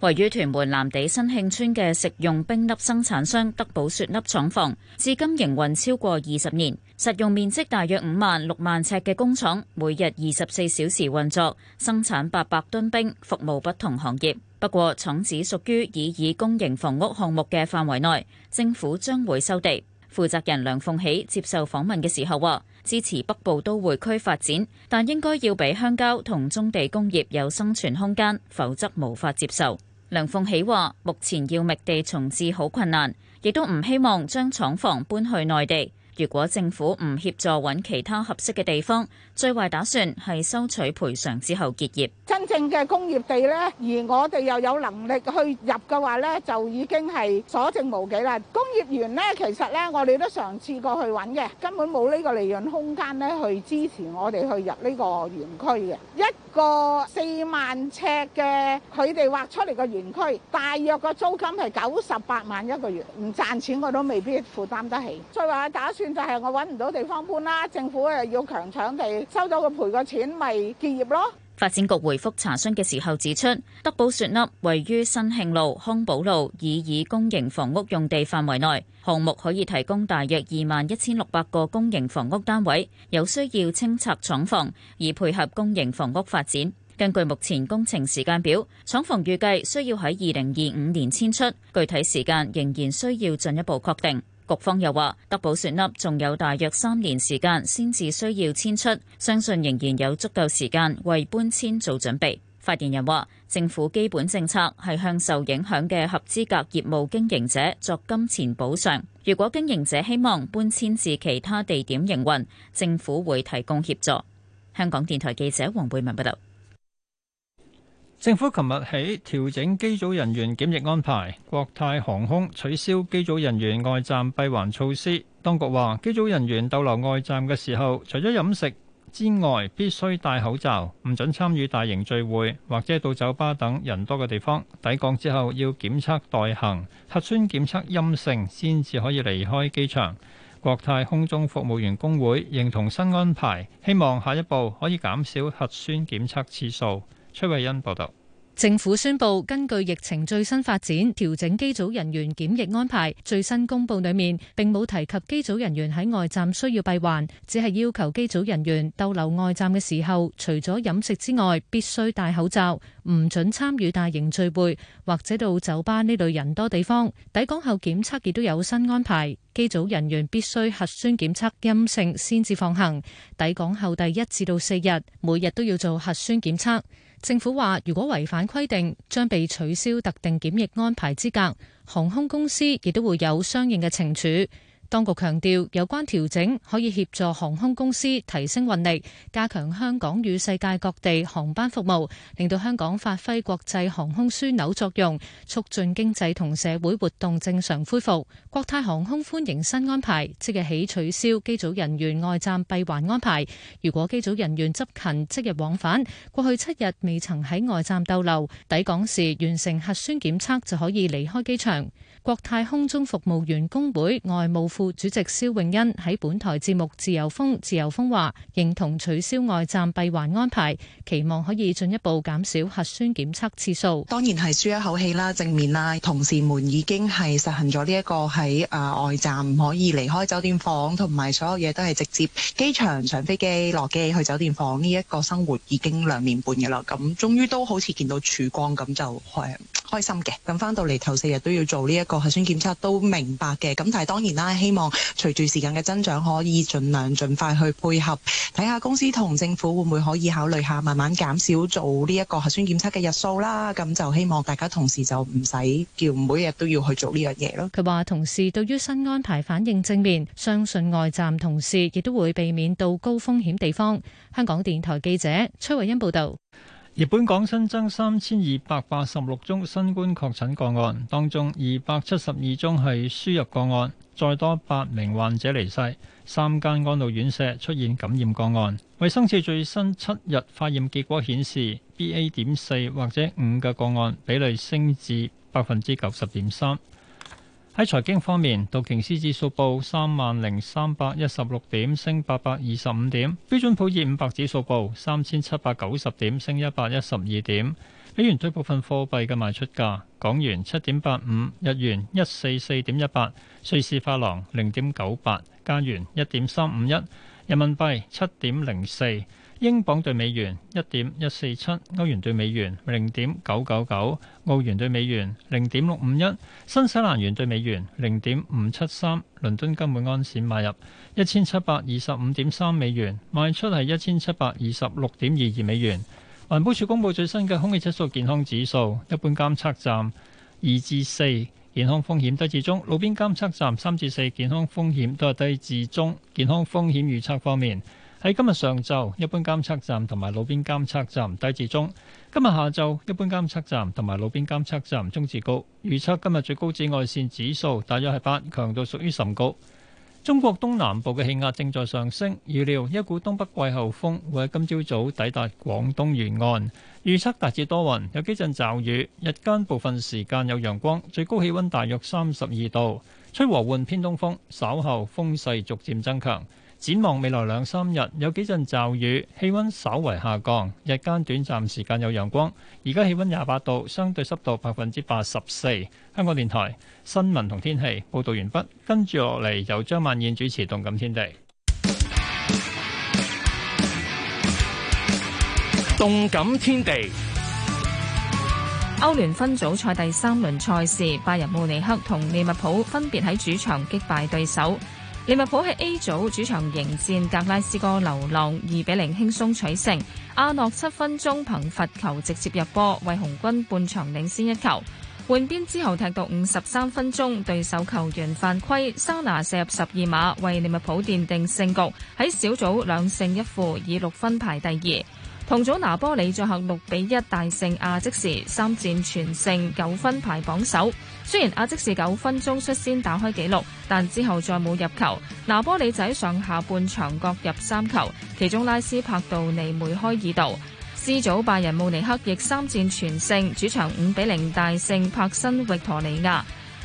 位於屯門藍地新興村嘅食用冰粒生產商德寶雪粒廠房，至今營運超過二十年，實用面積大約五萬六萬尺嘅工廠，每日二十四小時運作，生產八百噸冰，服務不同行業。不過，廠址屬於已以公營房屋項目嘅範圍內，政府將會收地。負責人梁鳳喜接受訪問嘅時候話。支持北部都會區發展，但應該要俾鄉郊同棕地工業有生存空間，否則無法接受。梁鳳喜話：目前要覓地重置好困難，亦都唔希望將廠房搬去內地。如果政府唔協助揾其他合適嘅地方。最壞打算係收取賠償之後結業。真正嘅工業地呢，而我哋又有能力去入嘅話呢，就已經係所剩無幾啦。工業園呢，其實呢，我哋都嘗試過去揾嘅，根本冇呢個利潤空間呢去支持我哋去入呢個園區嘅。一個四萬尺嘅佢哋劃出嚟嘅園區，大約個租金係九十八萬一個月，唔賺錢我都未必負擔得起。最壞嘅打算就係我揾唔到地方搬啦，政府又要強搶地。收到個賠個錢咪結、就是、業咯。發展局回復查詢嘅時候指出，德寶雪粒位於新興路康寶路以以公營房屋用地範圍內，項目可以提供大約二萬一千六百個公營房屋單位，有需要清拆廠房以配合公營房屋發展。根據目前工程時間表，廠房預計需要喺二零二五年遷出，具體時間仍然需要進一步確定。局方又話，德寶雪粒仲有大約三年時間先至需要遷出，相信仍然有足夠時間為搬遷做準備。發言人話：政府基本政策係向受影響嘅合資格業務經營者作金錢補償。如果經營者希望搬遷至其他地點營運，政府會提供協助。香港電台記者黃貝文報道。政府琴日起調整機組人員檢疫安排，國泰航空取消機組人員外站閉環措施。當局話，機組人員逗留外站嘅時候，除咗飲食之外，必須戴口罩，唔准參與大型聚會或者到酒吧等人多嘅地方。抵港之後要檢測待行，核酸檢測陰性先至可以離開機場。國泰空中服務員工會認同新安排，希望下一步可以減少核酸檢測次數。崔偉恩報道，政府宣布根據疫情最新發展，調整機組人員檢疫安排。最新公布裏面，並冇提及機組人員喺外站需要閉環，只係要求機組人員逗留外站嘅時候，除咗飲食之外，必須戴口罩，唔准參與大型聚會或者到酒吧呢類人多地方。抵港後檢測亦都有新安排，機組人員必須核酸檢測陰性先至放行。抵港後第一至到四日，每日都要做核酸檢測。政府話，如果違反規定，將被取消特定檢疫安排資格，航空公司亦都會有相應嘅懲處。當局強調，有關調整可以協助航空公司提升運力，加強香港與世界各地航班服務，令到香港發揮國際航空樞紐作用，促進經濟同社會活動正常恢復。國泰航空歡迎新安排，即日起取消機組人員外站閉環安排。如果機組人員執勤即日往返，過去七日未曾喺外站逗留，抵港時完成核酸檢測就可以離開機場。國泰空中服務員工會外務副主席蕭穎恩喺本台節目《自由風》自由風話，認同取消外站閉環安排，期望可以進一步減少核酸檢測次數。當然係舒一口氣啦，正面啦，同事們已經係實行咗呢一個喺啊外站唔可以離開酒店房，同埋所有嘢都係直接機場上飛機落機去酒店房呢一、這個生活已經兩年半噶啦，咁終於都好似見到曙光咁就開開心嘅。咁翻到嚟頭四日都要做呢、這、一個核酸檢測都明白嘅，咁但係當然啦，希望隨住時間嘅增長，可以儘量盡快去配合，睇下公司同政府會唔會可以考慮下，慢慢減少做呢一個核酸檢測嘅日數啦。咁就希望大家同時就唔使叫每日都要去做呢樣嘢咯。佢話同事對於新安排反應正面，相信外站同事亦都會避免到高風險地方。香港電台記者崔慧欣報道。而本港新增三千二百八十六宗新冠確診個案，當中二百七十二宗係輸入個案，再多八名患者離世。三間安老院舍出現感染個案。衛生署最新七日化驗結果顯示，BA. 點四或者五嘅個，個案比例升至百分之九十點三。喺財經方面，道瓊斯指數報三萬零三百一十六點，升八百二十五點；標準普爾五百指數報三千七百九十點，升一百一十二點。美元對部分貨幣嘅賣出價：港元七點八五，日元一四四點一八，瑞士法郎零點九八，加元一點三五一，人民幣七點零四。英鎊兌美元一點一四七，歐元兌美元零點九九九，澳元兌美元零點六五一，新西蘭元兌美元零點五七三。倫敦金每安士買入一千七百二十五點三美元，賣出係一千七百二十六點二二美元。環保署公布最新嘅空氣質素健康指數，一般監測站二至四，健康風險低至中；路邊監測站三至四，健康風險都係低至中。健康風險預測方面。喺今日上晝，一般監測站同埋路邊監測站低至中；今日下晝，一般監測站同埋路邊監測站中至高。預測今日最高紫外線指數大約係八，強度屬於甚高。中國東南部嘅氣壓正在上升，預料一股東北季候風會喺今朝早抵達廣東沿岸。預測大致多雲，有幾陣驟雨，日間部分時間有陽光，最高氣温大約三十二度，吹和緩偏東風，稍後風勢逐漸增強。展望未來兩三日，有幾陣驟雨，氣温稍為下降，日間短暫時間有陽光。而家氣温廿八度，相對濕度百分之八十四。香港電台新聞同天氣報導完畢，跟住落嚟由張曼燕主持《動感天地》。動感天地。歐聯分組賽第三輪賽事，拜仁慕尼黑同利物浦分別喺主場擊敗對手。利物浦喺 A 組主場迎戰格拉斯哥流浪，二比零輕鬆取勝。阿諾七分鐘憑罰球直接入波，為紅軍半場領先一球。換邊之後踢到五十三分鐘，對手球員犯規，沙拿射入十二碼，為利物浦奠定勝局。喺小組兩勝一負，以六分排第二。同組拿波里再客六比一大勝阿積士，三戰全勝，九分排榜首。雖然阿積士九分鐘率先打開紀錄，但之後再冇入球。拿波里仔上下半場各入三球，其中拉斯帕杜尼梅開二度。師祖拜仁慕尼黑亦三戰全勝，主場五比零大勝帕辛域陀尼亞。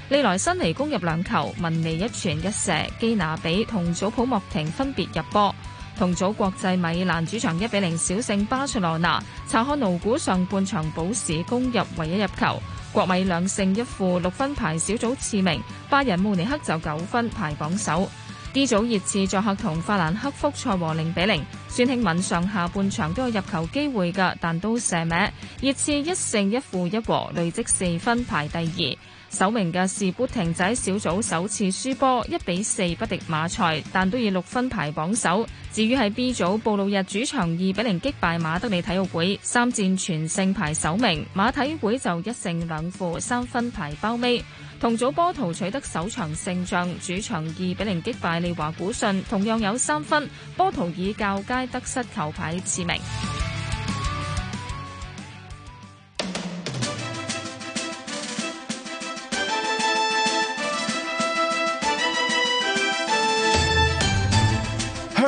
利來辛尼攻入兩球，文尼一傳一射，基拿比同祖普莫廷分別入波。同組國際米蘭主場一比零小勝巴塞羅那，查看奴股上半場補時攻入唯一入球，國米兩勝一負六分排小組次名，拜仁慕尼黑就九分排榜首。D 組熱刺作客同法蘭克福賽和零比零，孫興敏上下半場都有入球機會噶，但都射歪，熱刺一勝一負一和，累積四分排第二。首名嘅是砵亭仔，小組首次輸波，一比四不敵馬賽，但都以六分排榜首。至於係 B 組，布魯日主場二比零擊敗馬德里體育會，三戰全勝排首名。馬體會就一勝兩負三分排包尾。同組波圖取得首場勝仗，主場二比零擊敗利華古遜，同樣有三分。波圖以較佳得失球排次名。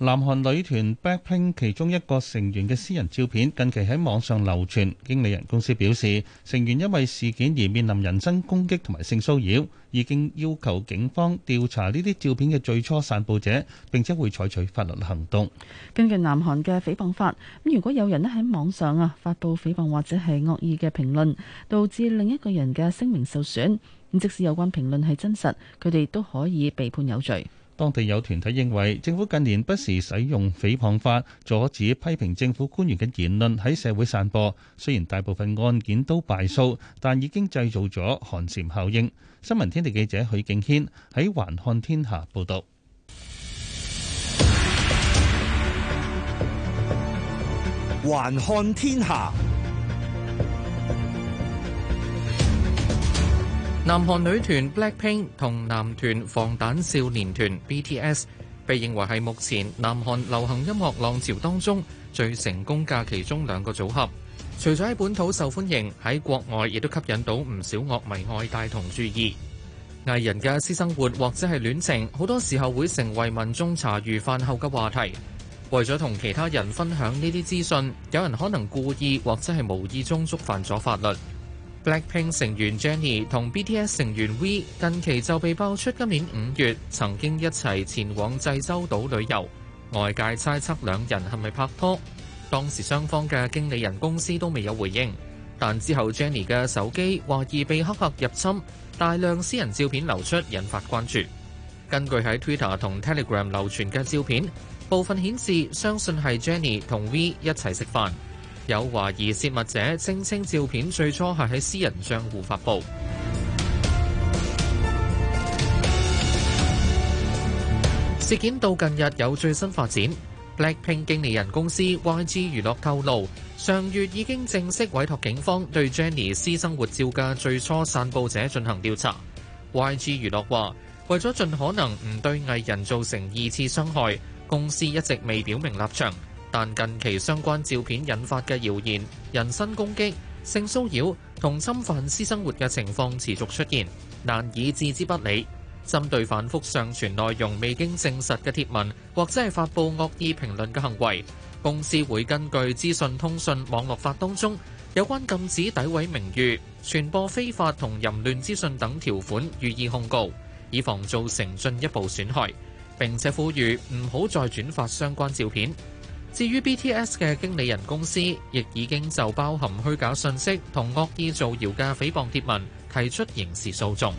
南韓女團 Blackpink 其中一個成員嘅私人照片近期喺網上流傳，經理人公司表示，成員因為事件而面臨人身攻擊同埋性騷擾，已經要求警方調查呢啲照片嘅最初散佈者，並且會採取法律行動。根據南韓嘅《誹謗法》，咁如果有人咧喺網上啊發佈誹謗或者係惡意嘅評論，導致另一個人嘅聲名受損，咁即使有關評論係真實，佢哋都可以被判有罪。當地有團體認為，政府近年不時使用《誹謗法》阻止批評政府官員嘅言論喺社會散播。雖然大部分案件都敗訴，但已經製造咗寒蟬效應。新聞天地記者許敬軒喺《環看天下》報導。環看天下。南韓女團 BLACKPINK 同男團防彈少年團 BTS 被認為係目前南韓流行音樂浪潮當中最成功嘅其中兩個組合。除咗喺本土受歡迎，喺國外亦都吸引到唔少樂迷愛戴同注意。藝人嘅私生活或者係戀情，好多時候會成為民眾茶餘飯後嘅話題。為咗同其他人分享呢啲資訊，有人可能故意或者係無意中觸犯咗法律。BLACKPINK 成員 Jennie 同 BTS 成員 V 近期就被爆出今年五月曾經一齊前往濟州島旅遊，外界猜測兩人係咪拍拖。當時雙方嘅經理人公司都未有回應，但之後 Jennie 嘅手機懷疑被黑客入侵，大量私人照片流出，引發關注。根據喺 Twitter 同 Telegram 流傳嘅照片，部分顯示相信係 Jennie 同 V 一齊食飯。有懷疑洩密者聲稱，照片最初係喺私人賬戶發布。事件到近日有最新發展，BLACKPINK 經理人公司 YG 娛樂透露，上月已經正式委托警方對 Jennie 私生活照嘅最初散布者進行調查。YG 娛樂話，為咗盡可能唔對藝人造成二次傷害，公司一直未表明立場。但近期相關照片引發嘅謠言、人身攻擊、性騷擾同侵犯私生活嘅情況持續出現，難以置之不理。針對反覆上傳內容未經證實嘅貼文，或者係發布惡意評論嘅行為，公司會根據《資訊通訊網絡法》當中有關禁止詆毀名譽、傳播非法同淫亂資訊等條款予以控告，以防造成進一步損害，並且呼籲唔好再轉發相關照片。至於 BTS 嘅經理人公司，亦已經就包含虛假信息同惡意造謠嘅誹謗帖文提出刑事訴訟。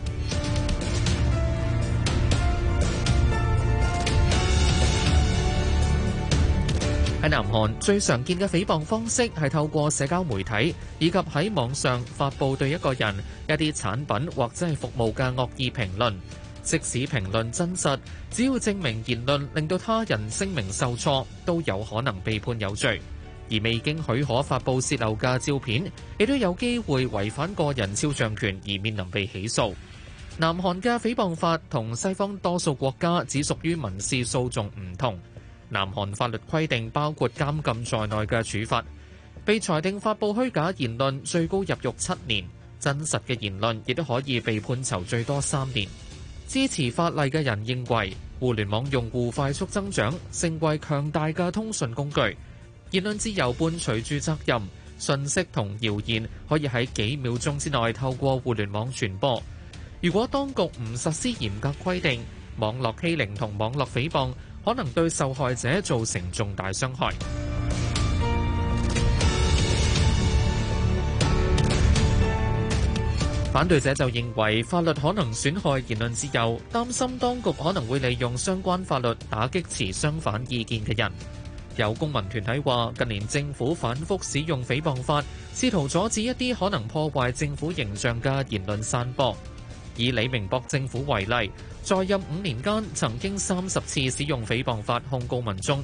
喺 南韓，最常見嘅誹謗方式係透過社交媒體以及喺網上發布對一個人、一啲產品或者係服務嘅惡意評論。即使評論真實，只要證明言論令到他人聲名受挫，都有可能被判有罪。而未經許可發布洩漏嘅照片，亦都有機會違反個人肖像權而面臨被起訴。南韓嘅誹謗法同西方多數國家只屬於民事訴訟唔同。南韓法律規定包括監禁在內嘅處罰，被裁定發布虛假言論，最高入獄七年；真實嘅言論亦都可以被判囚最多三年。支持法例嘅人認為，互聯網用戶快速增長，成為強大嘅通訊工具。言論自由伴隨住責任，信息同謠言可以喺幾秒鐘之內透過互聯網傳播。如果當局唔實施嚴格規定，網絡欺凌同網絡誹謗可能對受害者造成重大傷害。反對者就認為法律可能損害言論自由，擔心當局可能會利用相關法律打擊持相反意見嘅人。有公民團體話：近年政府反覆使用誹謗法，試圖阻止一啲可能破壞政府形象嘅言論散播。以李明博政府為例，在任五年間曾經三十次使用誹謗法控告民眾。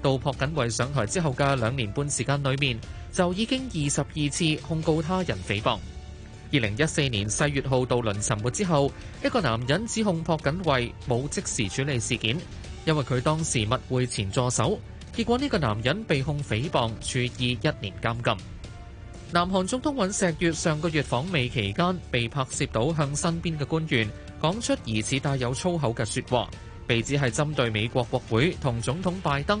到朴槿惠上台之後嘅兩年半時間裏面，就已經二十二次控告他人誹謗。二零一四年世越號渡輪沉沒之後，一個男人指控朴槿惠冇即時處理事件，因為佢當時密會前助手。結果呢個男人被控誹謗，處以一年監禁。南韓總統尹錫悅上個月訪美期間，被拍攝到向身邊嘅官員講出疑似帶有粗口嘅説話，被指係針對美國國會同總統拜登。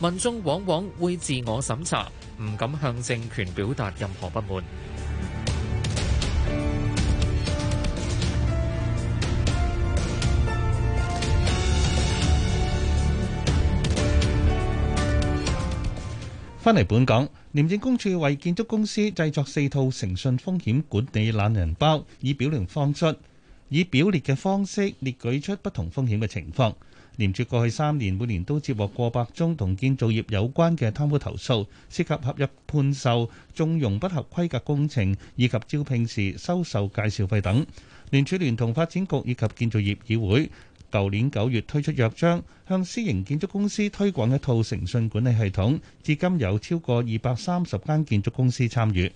民眾往往會自我審查，唔敢向政權表達任何不滿。返嚟本港，廉政公署為建築公司製作四套誠信風險管理懶人包，以表明方式，以表列嘅方式列舉出不同風險嘅情況。連接過去三年，每年都接獲過百宗同建造業有關嘅貪污投訴，涉及合入判售、縱容不合規格工程以及招聘時收受介紹費等。聯署聯同發展局以及建造業議會。舊年九月推出約章，向私營建築公司推廣一套誠信管理系統，至今有超過二百三十間建築公司參與。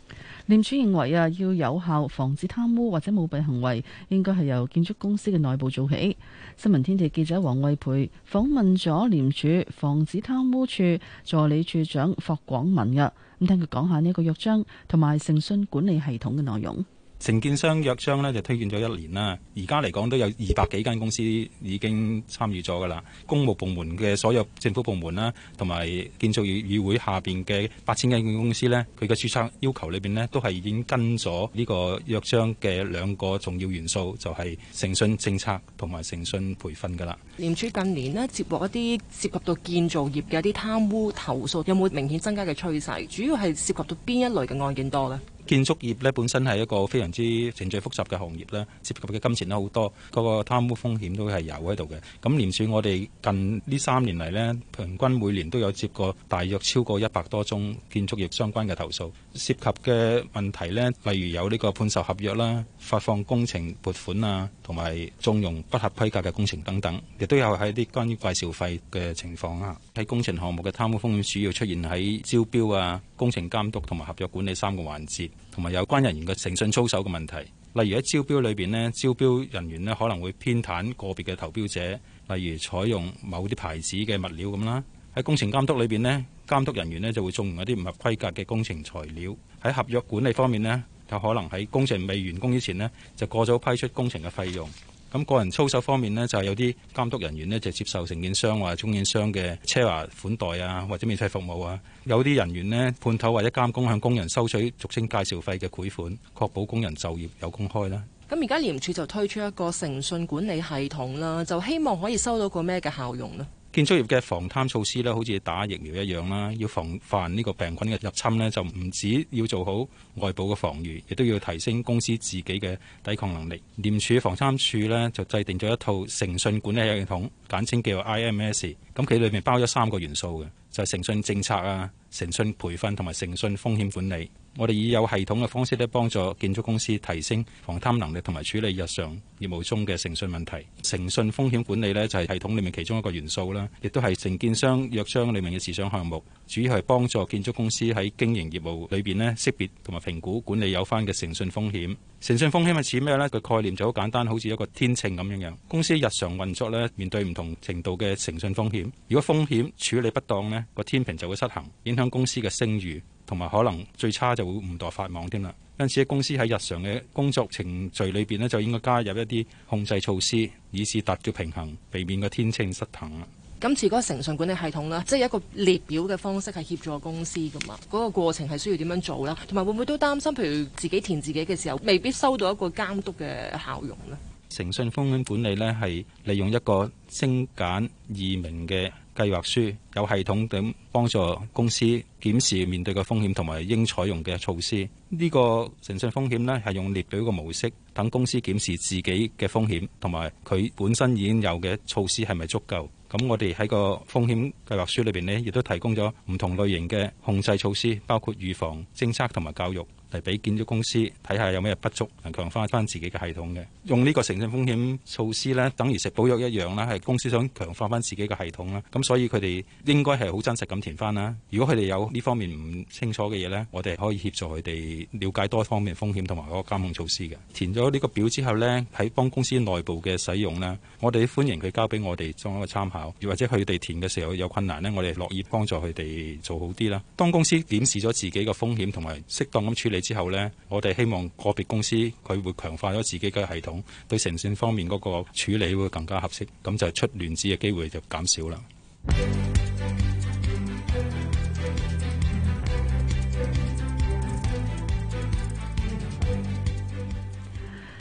廉署認為啊，要有效防止貪污或者舞弊行為，應該係由建築公司嘅內部做起。新聞天地記者黃慧培訪問咗廉署防止貪污處助理處長霍廣文啊，咁聽佢講下呢個約章同埋誠信管理系統嘅內容。承建商約章呢，就推廣咗一年啦，而家嚟講都有二百幾間公司已經參與咗噶啦。公務部門嘅所有政府部門啦，同埋建造業議會下邊嘅八千間公司呢，佢嘅註冊要求裏邊呢，都係已經跟咗呢個約章嘅兩個重要元素，就係誠信政策同埋誠信培訓噶啦。廉署近年呢，接獲一啲涉及到建造業嘅一啲貪污投訴，有冇明顯增加嘅趨勢？主要係涉及到邊一類嘅案件多呢？建築業咧本身係一個非常之程序複雜嘅行業咧，涉及嘅金錢都好多，嗰個貪污風險都係有喺度嘅。咁連串我哋近呢三年嚟呢，平均每年都有接過大約超過一百多宗建築業相關嘅投訴，涉及嘅問題呢，例如有呢個判授合約啦、發放工程撥款啊，同埋縱容不合規格嘅工程等等，亦都有喺啲關於介紹費嘅情況啊。喺工程項目嘅貪污風險，主要出現喺招標啊、工程監督同埋合約管理三個環節。同埋有關人員嘅誠信操守嘅問題，例如喺招標裏邊咧，招標人員咧可能會偏袒個別嘅投標者，例如採用某啲牌子嘅物料咁啦；喺工程監督裏邊咧，監督人員咧就會縱容一啲唔合規格嘅工程材料；喺合約管理方面咧，就可能喺工程未完工之前咧，就過早批出工程嘅費用。咁個人操守方面呢，就係有啲監督人員呢，就接受承建商或者中建商嘅奢華款待啊，或者免費服務啊。有啲人員呢，判頭或者監工向工人收取俗稱介紹費嘅賄款，確保工人就業有公開啦。咁而家廉署就推出一個誠信管理系統啦，就希望可以收到個咩嘅效用呢？建築業嘅防貪措施咧，好似打疫苗一樣啦。要防範呢個病菌嘅入侵呢，就唔止要做好外部嘅防禦，亦都要提升公司自己嘅抵抗能力。廉署防貪處呢就制定咗一套誠信管理系統，簡稱叫做 IMS。咁佢裏面包咗三個元素嘅，就係誠信政策啊、誠信培訓同埋誠信風險管理。我哋以有系統嘅方式咧，幫助建築公司提升防貪能力同埋處理日常業務中嘅誠信問題。誠信風險管理呢就係系統裡面其中一個元素啦。亦都係承建商、約章裡面嘅時尚項目，主要係幫助建築公司喺經營業務裏邊呢識別同埋評估管理有關嘅誠信風險。誠信風險係似咩呢？個概念就好簡單，好似一個天秤咁樣樣。公司日常運作呢，面對唔同程度嘅誠信風險。如果風險處理不當，呢個天平就會失衡，影響公司嘅聲譽。同埋可能最差就會誤墮法網添啦。因此，公司喺日常嘅工作程序裏邊咧，就應該加入一啲控制措施，以是達到平衡，避免個天秤失衡。今次嗰個誠信管理系統咧，即係一個列表嘅方式，係協助公司噶嘛。嗰個過程係需要點樣做啦，同埋會唔會都擔心，譬如自己填自己嘅時候，未必收到一個監督嘅效用咧？誠信風險管理咧，係利用一個精簡易明嘅。計劃書，有系統咁幫助公司檢視面對嘅風險同埋應採用嘅措施。呢個誠信風險呢，係用列表嘅模式，等公司檢視自己嘅風險同埋佢本身已經有嘅措施係咪足夠。咁我哋喺個風險計劃書裏邊呢，亦都提供咗唔同類型嘅控制措施，包括預防、政策同埋教育。嚟俾建築公司睇下有咩不足，能強化翻自己嘅系統嘅。用呢個誠信風險措施呢，等於食保藥一樣啦，係公司想強化翻自己嘅系統啦。咁所以佢哋應該係好真實咁填翻啦。如果佢哋有呢方面唔清楚嘅嘢呢，我哋可以協助佢哋了解多方面風險同埋嗰個監控措施嘅。填咗呢個表之後呢，喺幫公司內部嘅使用呢，我哋歡迎佢交俾我哋作一個參考，亦或者佢哋填嘅時候有困難呢，我哋樂意幫助佢哋做好啲啦。當公司檢視咗自己嘅風險同埋適當咁處理。之後呢，我哋希望個別公司佢會強化咗自己嘅系統，對誠信方面嗰個處理會更加合適，咁就出亂子嘅機會就減少啦。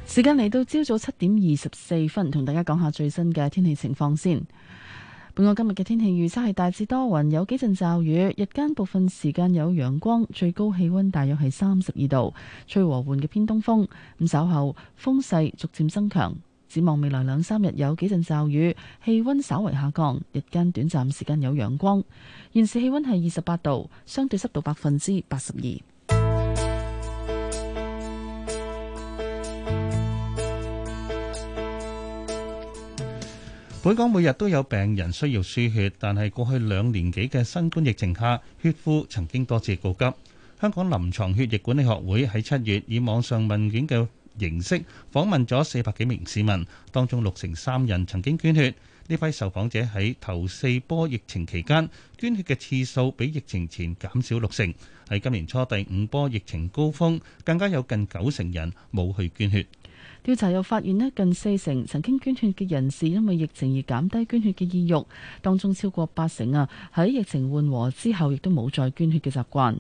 時間嚟到朝早七點二十四分，同大家講下最新嘅天氣情況先。本港今日嘅天氣預測係大致多雲，有幾陣驟雨，日間部分時間有陽光，最高氣溫大約係三十二度，吹和緩嘅偏東風。咁稍後風勢逐漸增強，展望未來兩三日有幾陣驟雨，氣溫稍為下降，日間短暫時間有陽光。現時氣溫係二十八度，相對濕度百分之八十二。本港每，每日都有病人需要輸血，但係過去兩年幾嘅新冠疫情下，血庫曾經多次告急。香港臨床血液管理學會喺七月以網上問卷嘅形式訪問咗四百幾名市民，當中六成三人曾經捐血。呢批受訪者喺頭四波疫情期間捐血嘅次數比疫情前減少六成，喺今年初第五波疫情高峰更加有近九成人冇去捐血。調查又發現咧，近四成曾經捐血嘅人士因為疫情而減低捐血嘅意欲，當中超過八成啊，喺疫情緩和之後，亦都冇再捐血嘅習慣。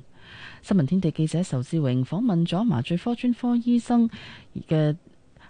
新聞天地記者仇志榮訪問咗麻醉科專科醫生嘅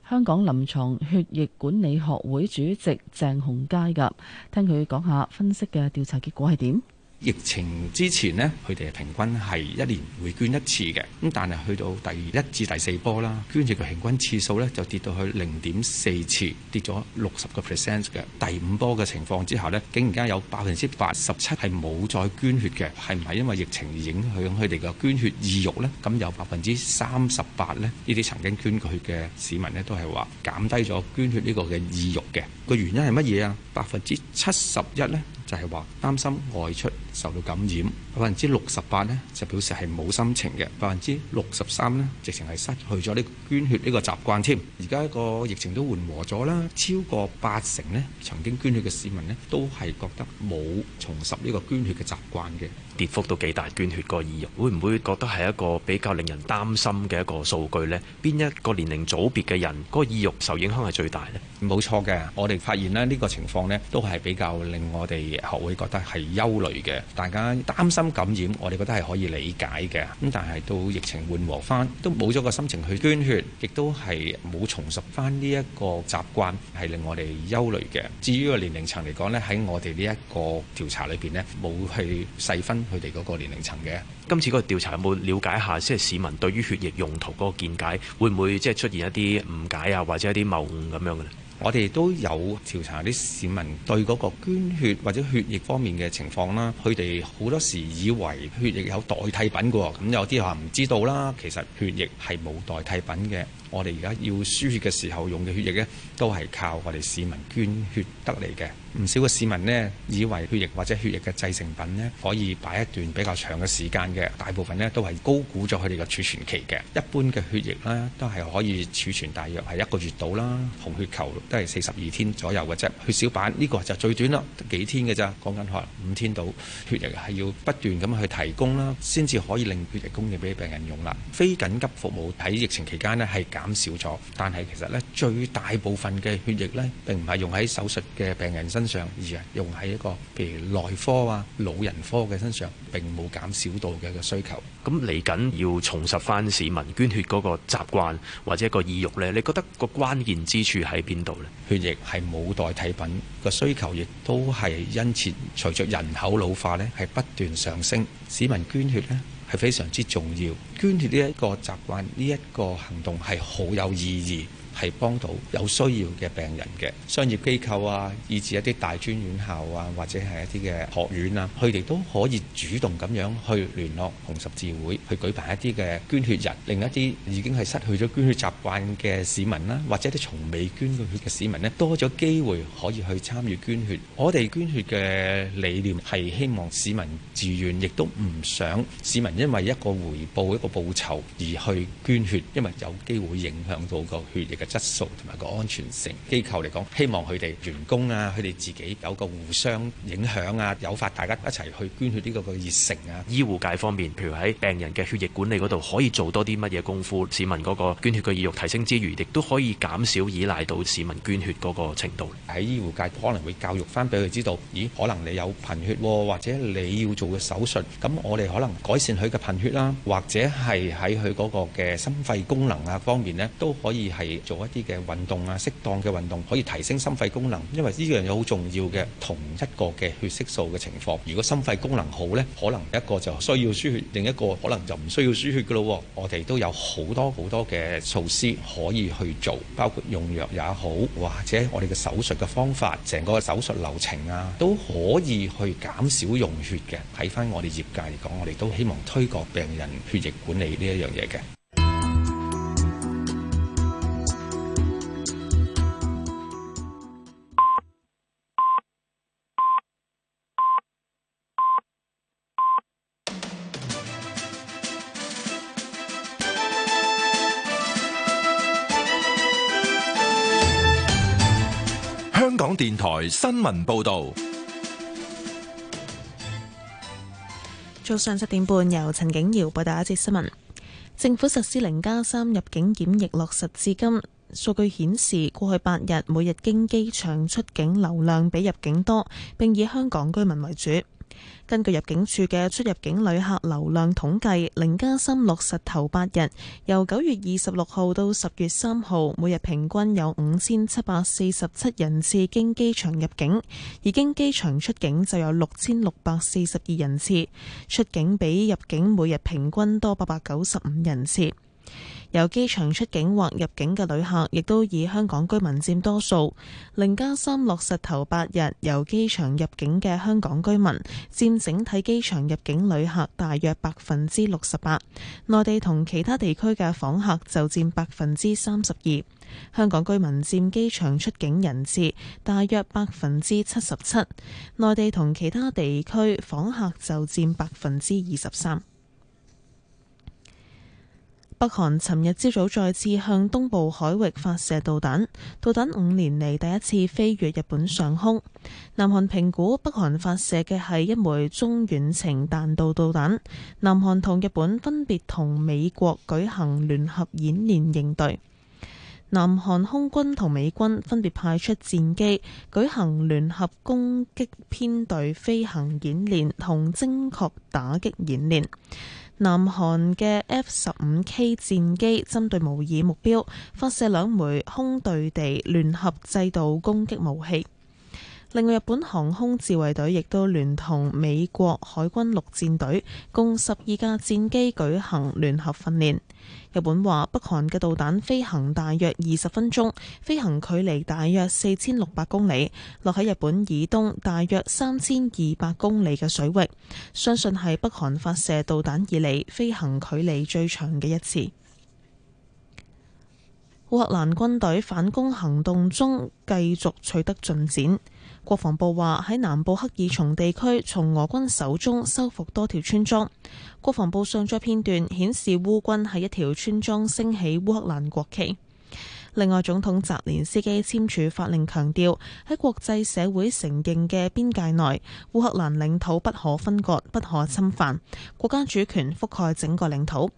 香港臨床血液管理學會主席鄭紅佳噶，聽佢講下分析嘅調查結果係點。疫情之前呢，佢哋平均係一年會捐一次嘅。咁但係去到第一至第四波啦，捐血嘅平均次數呢就跌到去零點四次，跌咗六十個 percent 嘅。第五波嘅情況之下呢，竟然間有百分之八十七係冇再捐血嘅，係唔係因為疫情而影響佢哋嘅捐血意欲呢？咁有百分之三十八呢，呢啲曾經捐過血嘅市民呢都係話減低咗捐血呢個嘅意欲嘅。個原因係乜嘢啊？百分之七十一呢，就係話擔心外出受到感染；百分之六十八呢，就表示係冇心情嘅；百分之六十三呢，直情係失去咗呢捐血呢個習慣添。而家個疫情都緩和咗啦，超過八成呢曾經捐血嘅市民呢，都係覺得冇重拾呢個捐血嘅習慣嘅。跌幅都幾大，捐血個意欲會唔會覺得係一個比較令人擔心嘅一個數據呢？邊一個年齡組別嘅人個意欲受影響係最大呢？冇錯嘅，我哋發現呢呢個情況。都係比較令我哋學會覺得係憂慮嘅，大家擔心感染，我哋覺得係可以理解嘅。咁但係到疫情緩和翻，都冇咗個心情去捐血，亦都係冇重拾翻呢一個習慣，係令我哋憂慮嘅。至於年個，個年齡層嚟講呢，喺我哋呢一個調查裏邊呢，冇去細分佢哋嗰個年齡層嘅。今次嗰個調查有冇了解下，即係市民對於血液用途嗰個見解，會唔會即係出現一啲誤解啊，或者一啲謬誤咁樣嘅呢？我哋都有調查啲市民對嗰個捐血或者血液方面嘅情況啦，佢哋好多時以為血液有代替品嘅，咁有啲話唔知道啦。其實血液係冇代替品嘅，我哋而家要輸血嘅時候用嘅血液呢都係靠我哋市民捐血得嚟嘅。唔少嘅市民呢，以為血液或者血液嘅製成品呢，可以擺一段比較長嘅時間嘅。大部分呢，都係高估咗佢哋嘅儲存期嘅。一般嘅血液啦，都係可以儲存大約係一個月到啦。紅血球都係四十二天左右嘅啫。血小板呢個就最短啦，幾天嘅啫。講緊可能五天到，血液係要不斷咁去提供啦，先至可以令血液供應俾病人用啦。非緊急服務喺疫情期間呢，係減少咗，但係其實呢，最大部分嘅血液呢，並唔係用喺手術嘅病人身上而用喺一個譬如內科啊、老人科嘅身上，並冇減少到嘅個需求，咁嚟緊要重拾返市民捐血嗰個習慣或者個意欲呢，你覺得個關鍵之處喺邊度呢？血液係冇代替品，個需求亦都係因此隨著人口老化呢，係不斷上升。市民捐血呢係非常之重要，捐血呢，一個習慣呢，一個行動係好有意義。係幫到有需要嘅病人嘅商業機構啊，以至一啲大專院校啊，或者係一啲嘅學院啊，佢哋都可以主動咁樣去聯絡紅十字會，去舉辦一啲嘅捐血日，令一啲已經係失去咗捐血習慣嘅市民啦，或者一啲從未捐過血嘅市民咧，多咗機會可以去參與捐血。我哋捐血嘅理念係希望市民自願，亦都唔想市民因為一個回報一個報酬而去捐血，因為有機會影響到個血液嘅。質素同埋個安全性。機構嚟講，希望佢哋員工啊，佢哋自己有個互相影響啊，誘發大家一齊去捐血呢個個熱誠啊。醫護界方面，譬如喺病人嘅血液管理嗰度，可以做多啲乜嘢功夫？市民嗰個捐血嘅意欲提升之餘，亦都可以減少依賴到市民捐血嗰個程度。喺醫護界可能會教育翻俾佢知道，咦？可能你有貧血喎，哦，或者你要做嘅手術，咁我哋可能改善佢嘅貧血啦，或者係喺佢嗰個嘅心肺功能啊方面呢，都可以係做。一啲嘅運動啊，適當嘅運動可以提升心肺功能，因為呢樣嘢好重要嘅。同一個嘅血色素嘅情況，如果心肺功能好呢，可能一個就需要輸血，另一個可能就唔需要輸血㗎喇。我哋都有好多好多嘅措施可以去做，包括用藥也好，或者我哋嘅手術嘅方法、成個手術流程啊，都可以去減少用血嘅。喺翻我哋業界嚟講，我哋都希望推廣病人血液管理呢一樣嘢嘅。港電台新聞報道，早上七點半由陳景瑤報道一節新聞。政府實施零加三入境檢疫落實至今，數據顯示過去八日每日經機場出境流量比入境多，並以香港居民為主。根據入境處嘅出入境旅客流量統計，零加三落實頭八日，由九月二十六號到十月三號，每日平均有五千七百四十七人次經機場入境，而經機場出境就有六千六百四十二人次，出境比入境每日平均多八百九十五人次。由機場出境或入境嘅旅客，亦都以香港居民佔多數。零加三落實頭八日，由機場入境嘅香港居民佔整體機場入境旅客大約百分之六十八，內地同其他地區嘅訪客就佔百分之三十二。香港居民佔機場出境人次大約百分之七十七，內地同其他地區訪客就佔百分之二十三。北韓尋日朝早再次向東部海域發射導彈，導彈五年嚟第一次飛越日本上空。南韓評估北韓發射嘅係一枚中遠程彈道導彈。南韓同日本分別同美國舉行聯合演練應對。南韓空軍同美軍分別派出戰機舉行聯合攻擊編隊飛行演練同精確打擊演練。南韓嘅 F 十五 K 戰機針對模擬目標發射兩枚空對地聯合制導攻擊武器。另外，日本航空自衛隊亦都聯同美國海軍陸戰隊，共十二架戰機舉行聯合訓練。日本話，北韓嘅導彈飛行大約二十分鐘，飛行距離大約四千六百公里，落喺日本以東大約三千二百公里嘅水域，相信係北韓發射導彈以嚟飛行距離最長嘅一次。烏克蘭軍隊反攻行動中繼續取得進展。國防部話喺南部克爾松地區從俄軍手中收復多條村莊。國防部上載片段顯示烏軍喺一條村莊升起烏克蘭國旗。另外，總統澤連斯基簽署法令強調喺國際社會承認嘅邊界內，烏克蘭領土不可分割、不可侵犯，國家主權覆蓋整個領土。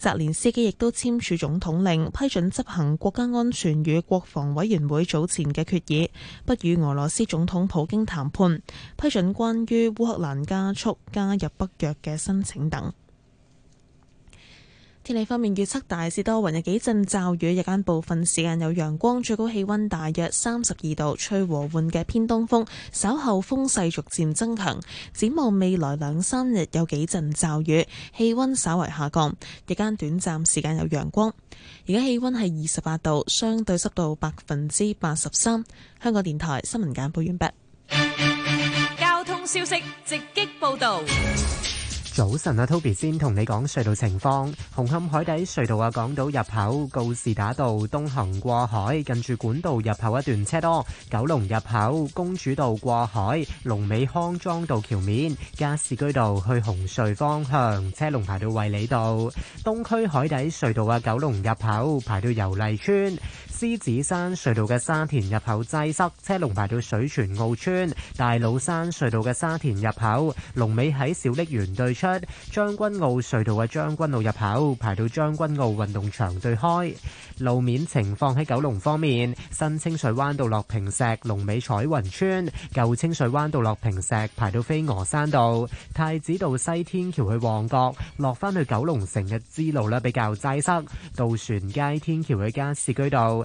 澤連斯基亦都簽署總統令，批准執行國家安全與國防委員會早前嘅決議，不與俄羅斯總統普京談判，批准關於烏克蘭加速加入北約嘅申請等。天氣方面預測大致多雲，有幾陣驟雨，日間部分時間有陽光，最高氣温大約三十二度，吹和緩嘅偏東風，稍後風勢逐漸增強。展望未來兩三日有幾陣驟雨，氣温稍為下降，日間短暫時間有陽光。而家氣温係二十八度，相對濕度百分之八十三。香港電台新聞簡報完畢。交通消息直擊報道。早晨啊，Toby 先同你講隧道情況。紅磡海底隧道啊，港島入口告士打道東行過海，近住管道入口一段車多。九龍入口，公主道過海，龍尾康莊道橋面，加士居道去紅隧方向車龍排到衛理道。東區海底隧道啊，九龍入口排到油麗邨。獅子山隧道嘅沙田入口擠塞，車龍排到水泉澳村；大老山隧道嘅沙田入口，龍尾喺小瀝源對出；將軍澳隧道嘅將軍澳入口排到將軍澳運動場對開。路面情況喺九龍方面，新清水灣道落坪石，龍尾彩雲村，舊清水灣道落坪石，排到飛鵝山道；太子道西天橋去旺角，落翻去九龍城嘅支路呢比較擠塞；渡船街天橋去加士居道。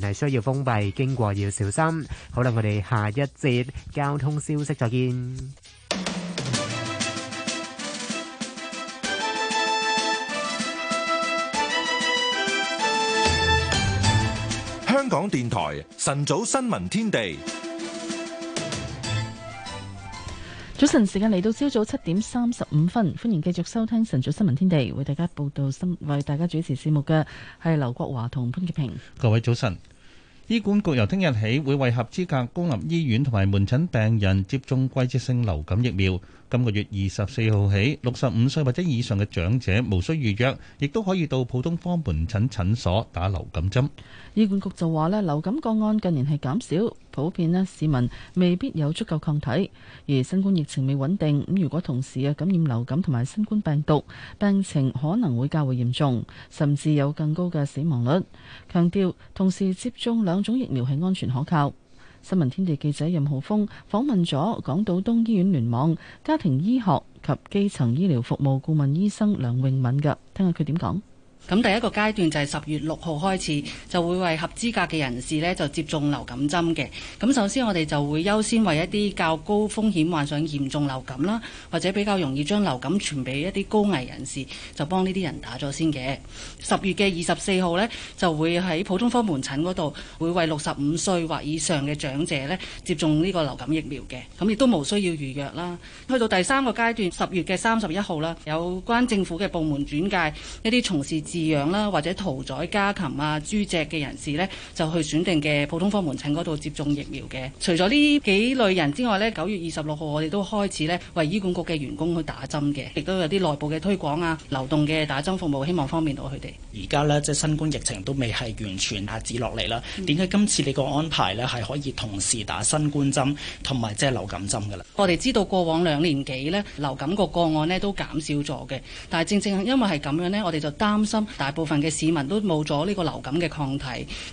係需要封閉，經過要小心。好啦，我哋下一節交通消息再見。香港電台晨早新聞天地。早晨時間嚟到，朝早七點三十五分，歡迎繼續收聽晨早新聞天地，為大家報道新為大家主持節目嘅係劉國華同潘潔平。各位早晨，醫管局由聽日起會為合資格公立醫院同埋門診病人接種季節性流感疫苗。今個月二十四號起，六十五歲或者以上嘅長者無需預約，亦都可以到普通科門診診所打流感針。醫管局就話呢，流感個案近年係減少，普遍呢市民未必有足夠抗體，而新冠疫情未穩定。咁如果同時啊感染流感同埋新冠病毒，病情可能會較為嚴重，甚至有更高嘅死亡率。強調同時接種兩種疫苗係安全可靠。新聞天地記者任浩峰訪問咗港島東醫院聯網家庭醫學及基層醫療服務顧問醫生梁詠敏嘅，聽下佢點講。咁第一個階段就係十月六號開始，就會為合資格嘅人士呢就接種流感針嘅。咁首先我哋就會優先為一啲較高風險患上嚴重流感啦，或者比較容易將流感傳俾一啲高危人士，就幫呢啲人打咗先嘅。十月嘅二十四號呢，就會喺普通科門診嗰度，會為六十五歲或以上嘅長者呢接種呢個流感疫苗嘅。咁亦都冇需要預約啦。去到第三個階段，十月嘅三十一號啦，有關政府嘅部門轉介一啲從事。飼養啦，或者屠宰家禽啊、豬隻嘅人士咧，就去選定嘅普通科門診嗰度接種疫苗嘅。除咗呢幾類人之外咧，九月二十六號我哋都開始咧為醫管局嘅員工去打針嘅，亦都有啲內部嘅推廣啊、流動嘅打針服務，希望方便到佢哋。而家咧即係新冠疫情都未係完全遏止落嚟啦。點解、嗯、今次你個安排咧係可以同時打新冠針同埋即係流感針噶啦？我哋知道過往兩年幾咧流感個個案咧都減少咗嘅，但係正正因為係咁樣咧，我哋就擔心。大部分嘅市民都冇咗呢個流感嘅抗體。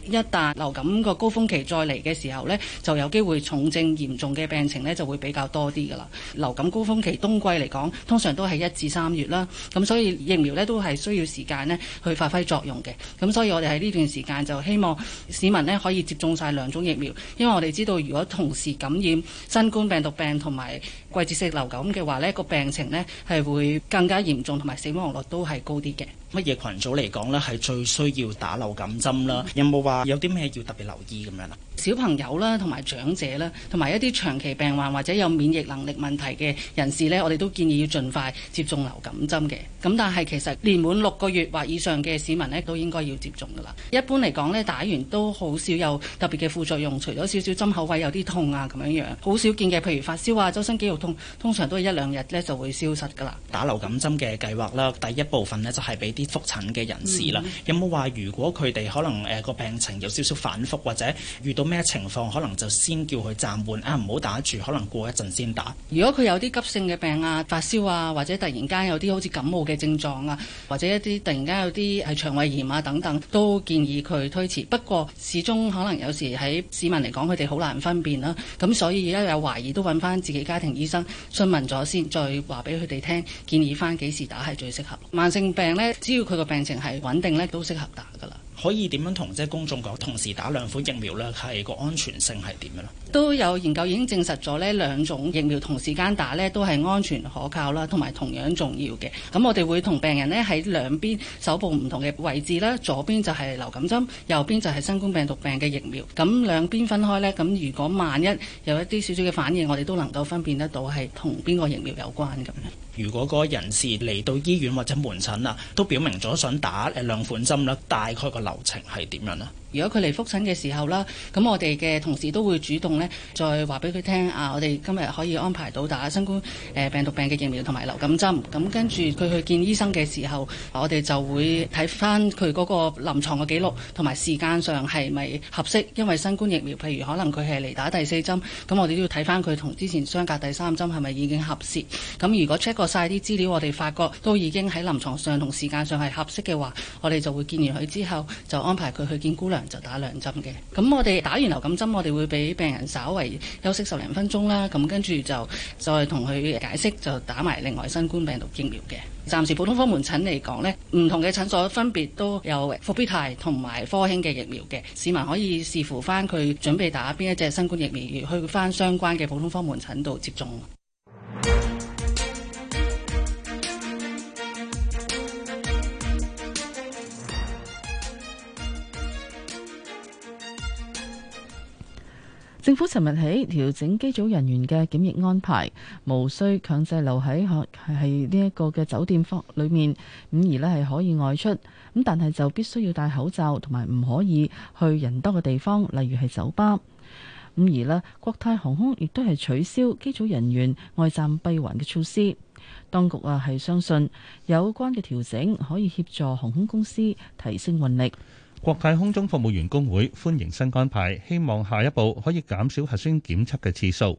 一旦流感個高峰期再嚟嘅時候呢，就有機會重症嚴重嘅病情呢就會比較多啲噶啦。流感高峰期冬季嚟講通常都係一至三月啦。咁所以疫苗呢都係需要時間呢去發揮作用嘅。咁所以我哋喺呢段時間就希望市民呢可以接種晒兩種疫苗，因為我哋知道如果同時感染新冠病毒病同埋季節性流感嘅話呢，個病情呢係會更加嚴重同埋死亡率都係高啲嘅。乜嘢群？組嚟講咧，係最需要打流感針啦。嗯、有冇話有啲咩要特別留意咁樣啦？小朋友啦，同埋長者啦，同埋一啲長期病患或者有免疫能力問題嘅人士呢，我哋都建議要盡快接種流感針嘅。咁但係其實年滿六個月或以上嘅市民呢，都應該要接種㗎啦。一般嚟講呢，打完都好少有特別嘅副作用，除咗少少針口位有啲痛啊咁樣樣，好少見嘅。譬如發燒啊、周身肌肉痛，通常都係一兩日呢就會消失㗎啦。打流感針嘅計劃啦，第一部分呢就係俾啲覆診嘅人士啦，嗯、有冇話如果佢哋可能誒、呃、個病情有少少反覆，或者遇到咩情況，可能就先叫佢暫緩啊，唔好打住，可能過一陣先打。如果佢有啲急性嘅病啊，發燒啊，或者突然間有啲好似感冒嘅症狀啊，或者一啲突然間有啲係腸胃炎啊等等，都建議佢推遲。不過始終可能有時喺市民嚟講，佢哋好難分辨啦、啊。咁所以而家有懷疑都揾翻自己家庭醫生詢問咗先，再話俾佢哋聽，建議翻幾時打係最適合。慢性病呢？只要佢個病。病情係穩定咧，都適合打㗎喇。可以點樣同即係公眾講？同時打兩款疫苗咧，係個安全性係點樣咧？都有研究已經證實咗呢兩種疫苗同時間打咧，都係安全可靠啦，同埋同樣重要嘅。咁我哋會同病人呢喺兩邊手部唔同嘅位置啦，左邊就係流感針，右邊就係新冠病毒病嘅疫苗。咁兩邊分開呢，咁如果萬一有一啲少少嘅反應，我哋都能夠分辨得到係同邊個疫苗有關咁樣。如果嗰個人士嚟到醫院或者門診啊，都表明咗想打誒兩款針啦，大概個流程係點樣呢？如果佢嚟復診嘅時候啦，咁我哋嘅同事都會主動呢，再話俾佢聽啊，我哋今日可以安排到打新冠誒病毒病嘅疫苗同埋流感針。咁、嗯、跟住佢去見醫生嘅時候，啊、我哋就會睇翻佢嗰個臨牀嘅記錄同埋時間上係咪合適。因為新冠疫苗，譬如可能佢係嚟打第四針，咁、嗯、我哋都要睇翻佢同之前相隔第三針係咪已經合適。咁、嗯、如果 check 過晒啲資料，我哋發覺都已經喺臨床上同時間上係合適嘅話，我哋就會見完佢之後就安排佢去見姑娘。就打兩針嘅，咁我哋打完流感針，我哋會俾病人稍為休息十零分鐘啦，咁跟住就再同佢解釋，就打埋另外新冠病毒疫苗嘅。暫時普通科門診嚟講呢，唔同嘅診所分別都有復必泰同埋科興嘅疫苗嘅，市民可以視乎翻佢準備打邊一隻新冠疫苗，去翻相關嘅普通科門診度接種。政府尋日起調整機組人員嘅檢疫安排，無需強制留喺學係呢一個嘅酒店房裏面，咁而呢係可以外出，咁但係就必須要戴口罩，同埋唔可以去人多嘅地方，例如係酒吧。咁而呢，國泰航空亦都係取消機組人員外站閉環嘅措施。當局啊係相信有關嘅調整可以協助航空公司提升運力。國泰空中服務員工會歡迎新安排，希望下一步可以減少核酸檢測嘅次數。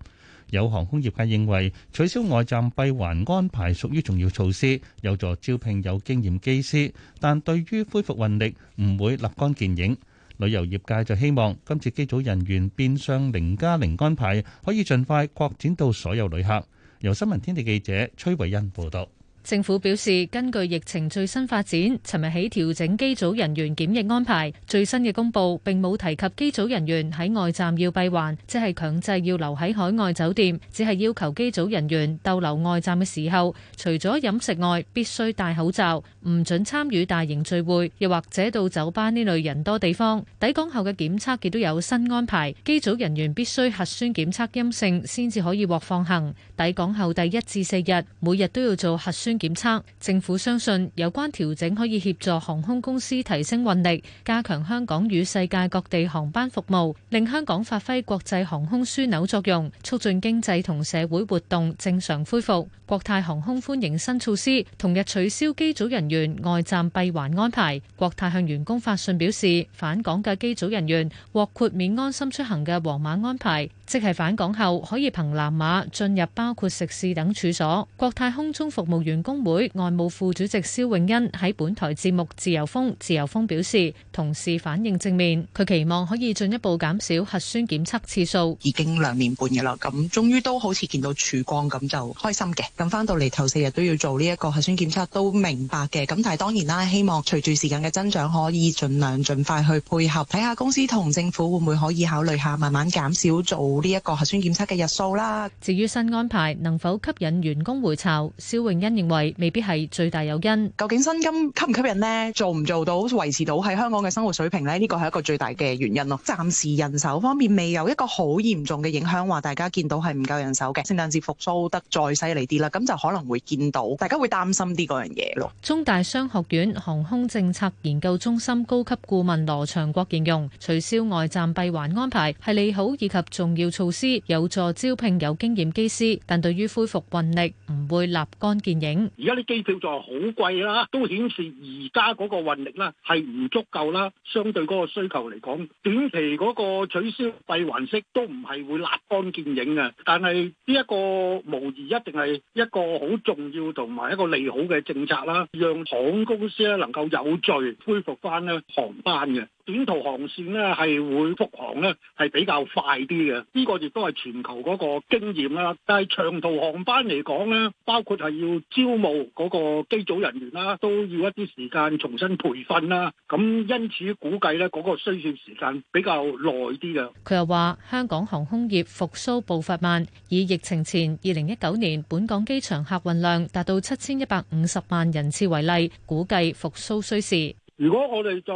有航空業界認為取消外站閉環安排屬於重要措施，有助招聘有經驗機師，但對於恢復運力唔會立竿見影。旅遊業界就希望今次機組人員變相零加零安排可以儘快擴展到所有旅客。由新聞天地記者崔偉恩報道。政府表示，根據疫情最新發展，尋日起調整機組人員檢疫安排。最新嘅公佈並冇提及機組人員喺外站要閉環，即係強制要留喺海外酒店。只係要求機組人員逗留外站嘅時候，除咗飲食外，必須戴口罩，唔准參與大型聚會，又或者到酒吧呢類人多地方。抵港後嘅檢測亦都有新安排，機組人員必須核酸檢測陰性先至可以獲放行。抵港後第一至四日，每日都要做核酸檢測。政府相信有關調整可以協助航空公司提升運力，加強香港與世界各地航班服務，令香港發揮國際航空樞紐作用，促進經濟同社會活動正常恢復。國泰航空歡迎新措施，同日取消機組人員外站閉環安排。國泰向員工發信表示，返港嘅機組人員獲豁免安心出行嘅黃碼安排。即係返港後可以憑藍碼進入包括食肆等處所。國泰空中服務員工會外務副主席蕭永恩喺本台節目《自由風》《自由風》表示，同事反應正面，佢期望可以進一步減少核酸檢測次數。已經兩年半嘅啦，咁終於都好似見到曙光咁就開心嘅。咁返到嚟頭四日都要做呢一個核酸檢測，都明白嘅。咁但係當然啦，希望隨住時間嘅增長，可以儘量盡快去配合，睇下公司同政府會唔會可以考慮下慢慢減少做。呢一個核酸檢測嘅日數啦。至於新安排能否吸引員工回巢，蕭穎恩認為未必係最大誘因。究竟薪金吸唔吸引呢？做唔做到維持到喺香港嘅生活水平呢？呢個係一個最大嘅原因咯。暫時人手方面未有一個好嚴重嘅影響，話大家見到係唔夠人手嘅。聖誕節復甦得再犀利啲啦，咁就可能會見到大家會擔心啲嗰樣嘢咯。中大商學院航空政策研究中心高級顧問羅祥國形容，取消外站閉環安排係利好以及重要。措施有助招聘有經驗機師，但對於恢復運力唔會立竿見影。而家啲機票就好貴啦，都顯示而家嗰個運力啦係唔足夠啦，相對嗰個需求嚟講，短期嗰個取消閉環式都唔係會立竿見影嘅。但係呢一,一個無疑一定係一個好重要同埋一個利好嘅政策啦，讓航空公司咧能夠有序恢復翻咧航班嘅。短途航線呢，係會復航呢，係比較快啲嘅。呢個亦都係全球嗰個經驗啦。但係長途航班嚟講呢，包括係要招募嗰個機組人員啦，都要一啲時間重新培訓啦。咁因此估計呢，嗰個需要時間比較耐啲嘅。佢又話：香港航空業復甦步伐慢，以疫情前二零一九年本港機場客運量達到七千一百五十萬人次為例，估計復甦需時。如果我哋在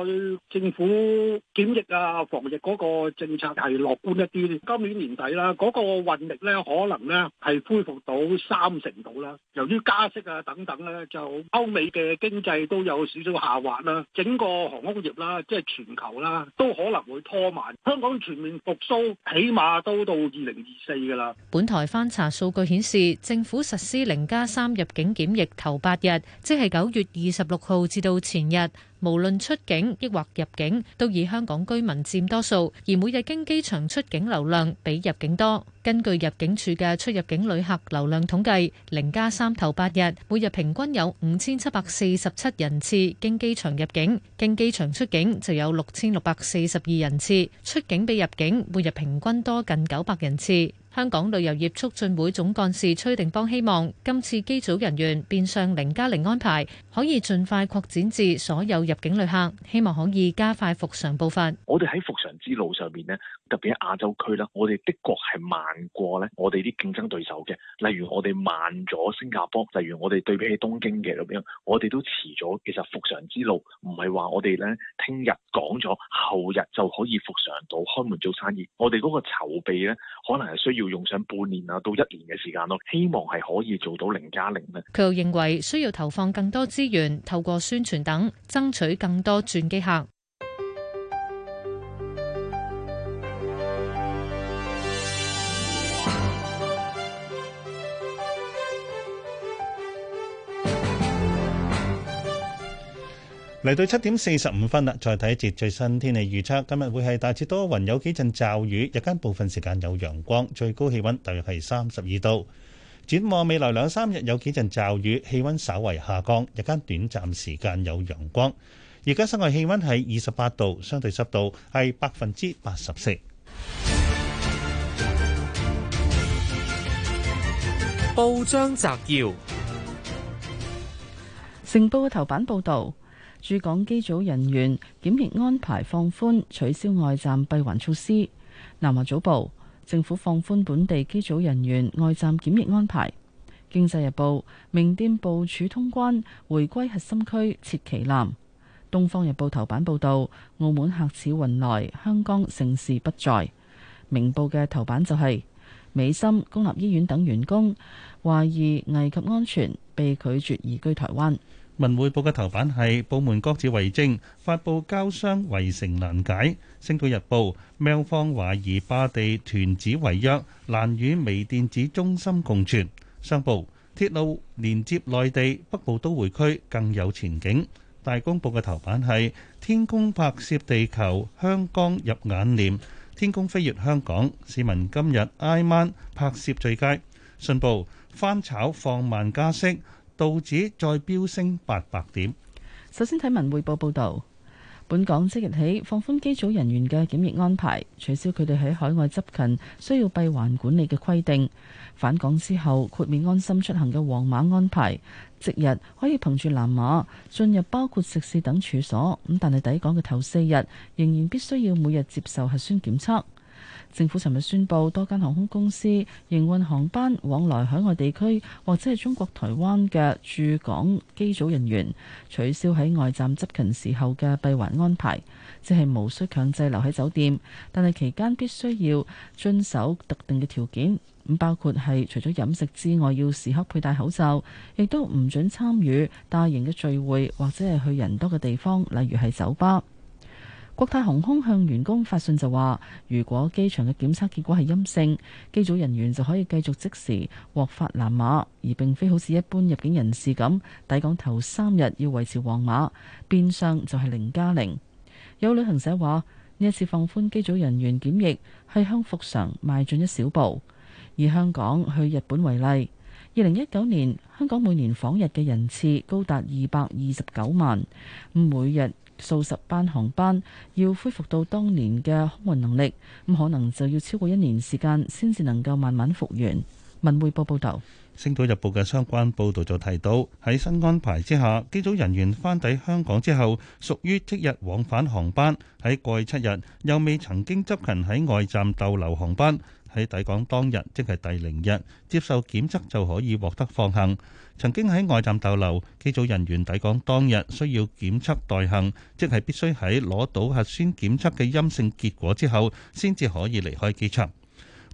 政府檢疫啊、防疫嗰個政策係樂觀一啲，今年年底啦，嗰個運力咧可能咧係恢復到三成度啦。由於加息啊等等咧，就歐美嘅經濟都有少少下滑啦，整個航空業啦，即係全球啦，都可能會拖慢。香港全面復蘇，起碼都到二零二四噶啦。本台翻查數據顯示，政府實施零加三入境檢疫頭八日，即係九月二十六號至到前日。無論出境抑或入境，都以香港居民佔多數。而每日經機場出境流量比入境多。根據入境處嘅出入境旅客流量統計，零加三頭八日，每日平均有五千七百四十七人次經機場入境，經機場出境就有六千六百四十二人次，出境比入境每日平均多近九百人次。香港旅遊業促進會總幹事崔定邦希望，今次機組人員變相零加零安排，可以盡快擴展至所有入境旅客，希望可以加快復常步伐。我哋喺復常之路上面咧，特別喺亞洲區啦，我哋的確係慢過咧我哋啲競爭對手嘅，例如我哋慢咗新加坡，例如我哋對比起東京嘅咁樣，我哋都遲咗。其實復常之路唔係話我哋咧，聽日講咗，後日就可以復常到開門做生意。我哋嗰個籌備咧，可能係需要。要用上半年啊，到一年嘅時間咯，希望係可以做到零加零咧。佢又認為需要投放更多資源，透過宣傳等爭取更多轉機客。嚟到七點四十五分啦，再睇一節最新天氣預測。今日會係大致多雲，有幾陣驟雨，日間部分時間有陽光，最高氣溫大約係三十二度。展望未來兩三日有幾陣驟雨，氣溫稍為下降，日間短暫時間有陽光。而家室外氣溫係二十八度，相對濕度係百分之八十四。報章摘要，成報嘅頭版報道。駐港機組人員檢疫安排放寬，取消外站閉環措施。南華早報：政府放寬本地機組人員外站檢疫安排。經濟日報：名店部署通關，回歸核心區設旗艦。東方日報頭版報導：澳門客似雲來，香港盛事不再。明報嘅頭版就係、是、美心公立醫院等員工懷疑危及安全，被拒絕移居台灣。文匯報嘅頭版係部門各自為政，發布交商圍城難解。星島日報，廟方懷疑霸地團子違約，難與微電子中心共存。商報，鐵路連接內地北部都會區更有前景。大公報嘅頭版係天宮拍攝地球，香江入眼簾。天宮飛越香港，市民今日挨晚拍攝最佳。信報，翻炒放慢加息，道指再飆升八百點。首先睇文匯報報道，本港即日起放寬機組人員嘅檢疫安排，取消佢哋喺海外執勤需要閉環管理嘅規定。返港之後豁免安心出行嘅黃碼安排，即日可以憑住藍碼進入包括食肆等處所咁，但係抵港嘅頭四日仍然必須要每日接受核酸檢測。政府尋日宣布，多間航空公司營運航班往來海外地區或者係中國台灣嘅駐港機組人員，取消喺外站執勤時候嘅閉環安排，即係無需強制留喺酒店，但係期間必須要遵守特定嘅條件，包括係除咗飲食之外，要時刻佩戴口罩，亦都唔准參與大型嘅聚會或者係去人多嘅地方，例如係酒吧。國泰航空向員工發信就話，如果機場嘅檢測結果係陰性，機組人員就可以繼續即時獲發藍碼，而並非好似一般入境人士咁抵港頭三日要維持黃碼，變相就係零加零。有旅行社話，呢一次放寬機組人員檢疫係向復常邁進一小步。以香港去日本為例，二零一九年香港每年訪日嘅人次高達二百二十九萬，每日。數十班航班要恢復到當年嘅空運能力，咁可能就要超過一年時間，先至能夠慢慢復原。文匯報報道，《星島日報》嘅相關報導就提到，喺新安排之下，機組人員翻抵香港之後，屬於即日往返航班，喺過去七日又未曾經執勤喺外站逗留航班。喺抵港當日，即係第零日接受檢測就可以獲得放行。曾經喺外站逗留，機組人員抵港當日需要檢測待行，即係必須喺攞到核酸檢測嘅陰性結果之後，先至可以離開機場。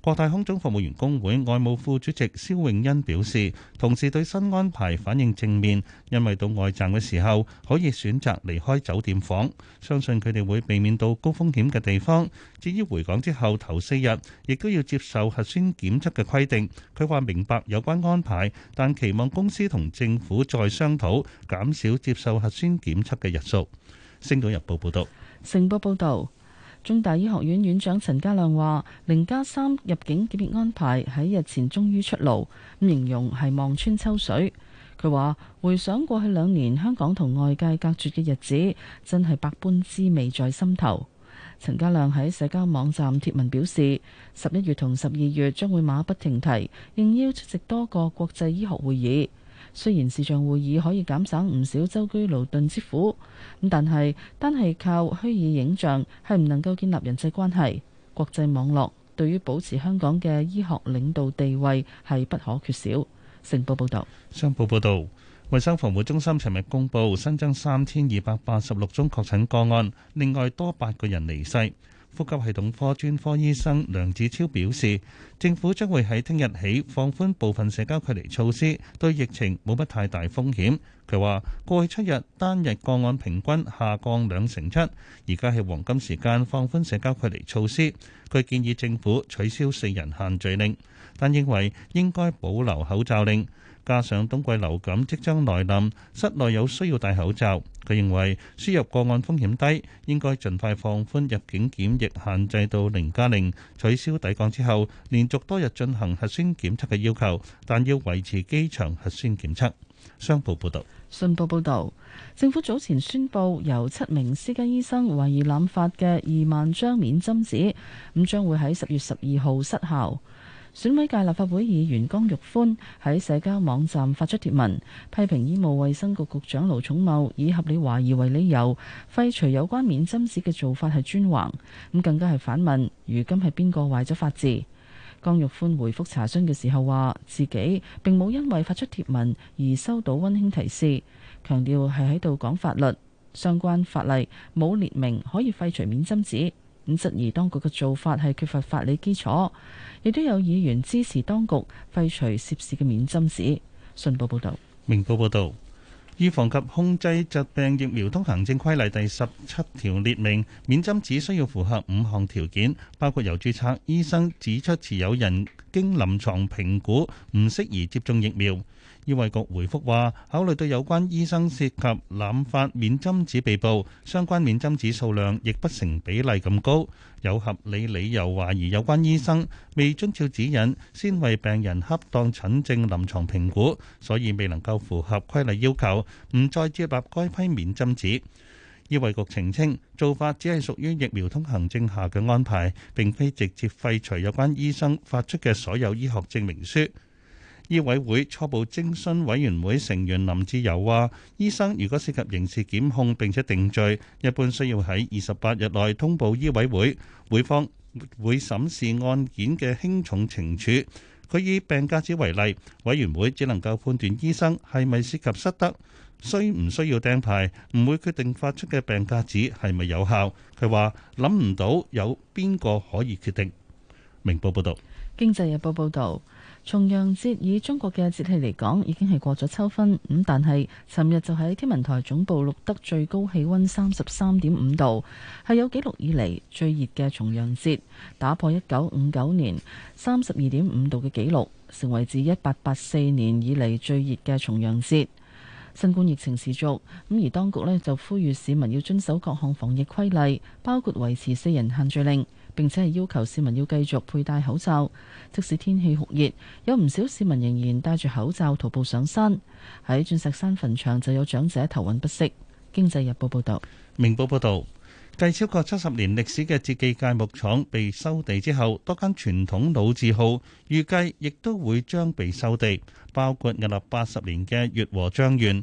國泰空中服務員工會外務副主席蕭永恩表示，同事對新安排反應正面，因為到外站嘅時候可以選擇離開酒店房，相信佢哋會避免到高風險嘅地方。至於回港之後頭四日，亦都要接受核酸檢測嘅規定。佢話明白有關安排，但期望公司同政府再商討，減少接受核酸檢測嘅日數。星島日報報道，成報報道。中大醫學院院長陳家亮話：零加三入境檢疫安排喺日前終於出爐，咁形容係望穿秋水。佢話回想過去兩年香港同外界隔絕嘅日子，真係百般滋味在心頭。陳家亮喺社交網站貼文表示：十一月同十二月將會馬不停蹄，應邀出席多個國際醫學會議。雖然視像會議可以減省唔少舟車勞頓之苦，咁但係單係靠虛擬影像係唔能夠建立人際關係。國際網絡對於保持香港嘅醫學領導地位係不可缺少。成報報道：「商報報導，衞生防護中心尋日公布新增三千二百八十六宗確診個案，另外多八個人離世。呼吸系統科專科醫生梁子超表示，政府將會喺聽日起放寬部分社交距離措施，對疫情冇乜太大風險。佢話：過去七日單日個案平均下降兩成七，而家係黃金時間放寬社交距離措施。佢建議政府取消四人限聚令，但認為應該保留口罩令。加上冬季流感即將來臨，室內有需要戴口罩。佢認為輸入個案風險低，應該盡快放寬入境檢疫限制到零加零，0，取消抵港之後連續多日進行核酸檢測嘅要求，但要維持機場核酸檢測，商報報道，信報報道政府早前宣佈由七名私家醫生懷疑濫發嘅二萬張免針紙，咁將會喺十月十二號失效。選委界立法會議員江玉歡喺社交網站發出貼文，批評醫務衛生局局長盧寵茂以合理懷疑為理由廢除有關免針紙嘅做法係專橫，咁更加係反問：如今係邊個壞咗法治？江玉歡回覆查詢嘅時候話，自己並冇因為發出貼文而收到溫馨提示，強調係喺度講法律，相關法例冇列明可以廢除免針紙。質疑當局嘅做法係缺乏法理基礎，亦都有議員支持當局廢除涉事嘅免針紙。信報報道，明報報道，預防及控制疾病疫苗通行證規例第十七條列明，免針紙需要符合五項條件，包括由註冊醫生指出持有人經臨床評估唔適宜接種疫苗。醫衛局回覆話：考慮到有關醫生涉及濫發免針紙被捕，相關免針紙數量亦不成比例咁高，有合理理由懷疑有關醫生未遵照指引先為病人恰當診症、臨床評估，所以未能夠符合規例要求，唔再接納該批免針紙。醫衛局澄清，做法只係屬於疫苗通行證下嘅安排，並非直接廢除有關醫生發出嘅所有醫學證明書。醫委會初步徵詢委員會成員林志友話，醫生如果涉及刑事檢控並且定罪，一般需要喺二十八日內通報醫委會，會方會審視案件嘅輕重懲處。佢以病假紙為例，委員會只能夠判斷醫生係咪涉及失德，需唔需要釘牌，唔會決定發出嘅病假紙係咪有效。佢話諗唔到有邊個可以決定。明報報道，經濟日報報道。重陽節以中國嘅節氣嚟講，已經係過咗秋分咁，但係尋日就喺天文台總部錄得最高氣温三十三點五度，係有記錄以嚟最熱嘅重陽節，打破一九五九年三十二點五度嘅紀錄，成為自一八八四年以嚟最熱嘅重陽節。新冠疫情持續，咁而當局呢就呼籲市民要遵守各項防疫規例，包括維持四人限聚令。並且係要求市民要繼續佩戴口罩，即使天氣酷熱，有唔少市民仍然戴住口罩徒步上山。喺鑽石山墳場就有長者頭暈不適。經濟日報報道：「明報報道，繼超過七十年歷史嘅志記鎅木廠被收地之後，多間傳統老字號預計亦都會將被收地，包括屹立八十年嘅悅和醬園。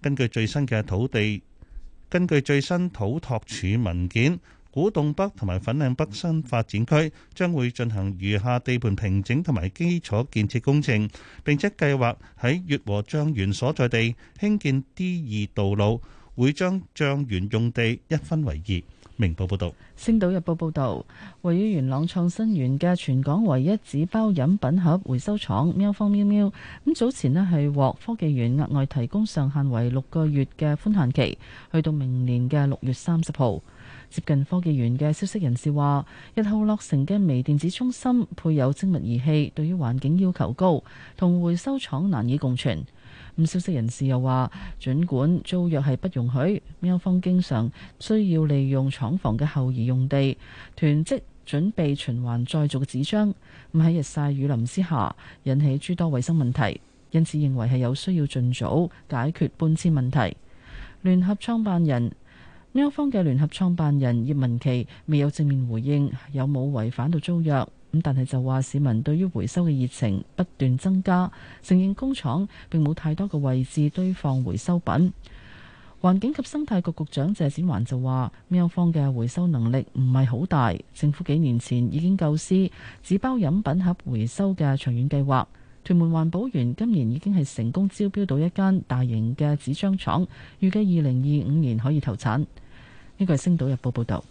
根據最新嘅土地，根據最新土拓署文件，古洞北同埋粉嶺北新發展區將會進行餘下地盤平整同埋基礎建設工程，並且計劃喺悅和醬園所在地興建 D2 道路，會將醬園用地一分為二。明報報道，星島日報報道，位於元朗創新園嘅全港唯一紙包飲品盒回收廠喵坊喵喵咁，早前咧係獲科技園額外提供上限為六個月嘅寬限期，去到明年嘅六月三十號。接近科技園嘅消息人士話，日後落成嘅微電子中心配有精密儀器，對於環境要求高，同回收廠難以共存。消息人士又話，儘管租約係不容許，喵方經常需要利用廠房嘅後移用地，囤積準備循環再續嘅紙張。咁喺日曬雨淋之下，引起諸多衞生問題，因此認為係有需要盡早解決搬遷問題。聯合創辦人喵方嘅聯合創辦人葉文琪未有正面回應，有冇違反到租約？咁但係就話市民對於回收嘅熱情不斷增加，承認工廠並冇太多嘅位置堆放回收品。環境及生態局局長謝展寰就話，喵方嘅回收能力唔係好大，政府幾年前已經構思紙包飲品盒回收嘅長遠計劃。屯門環保園今年已經係成功招標到一間大型嘅紙張廠，預計二零二五年可以投產。呢個係《星島日報》報道。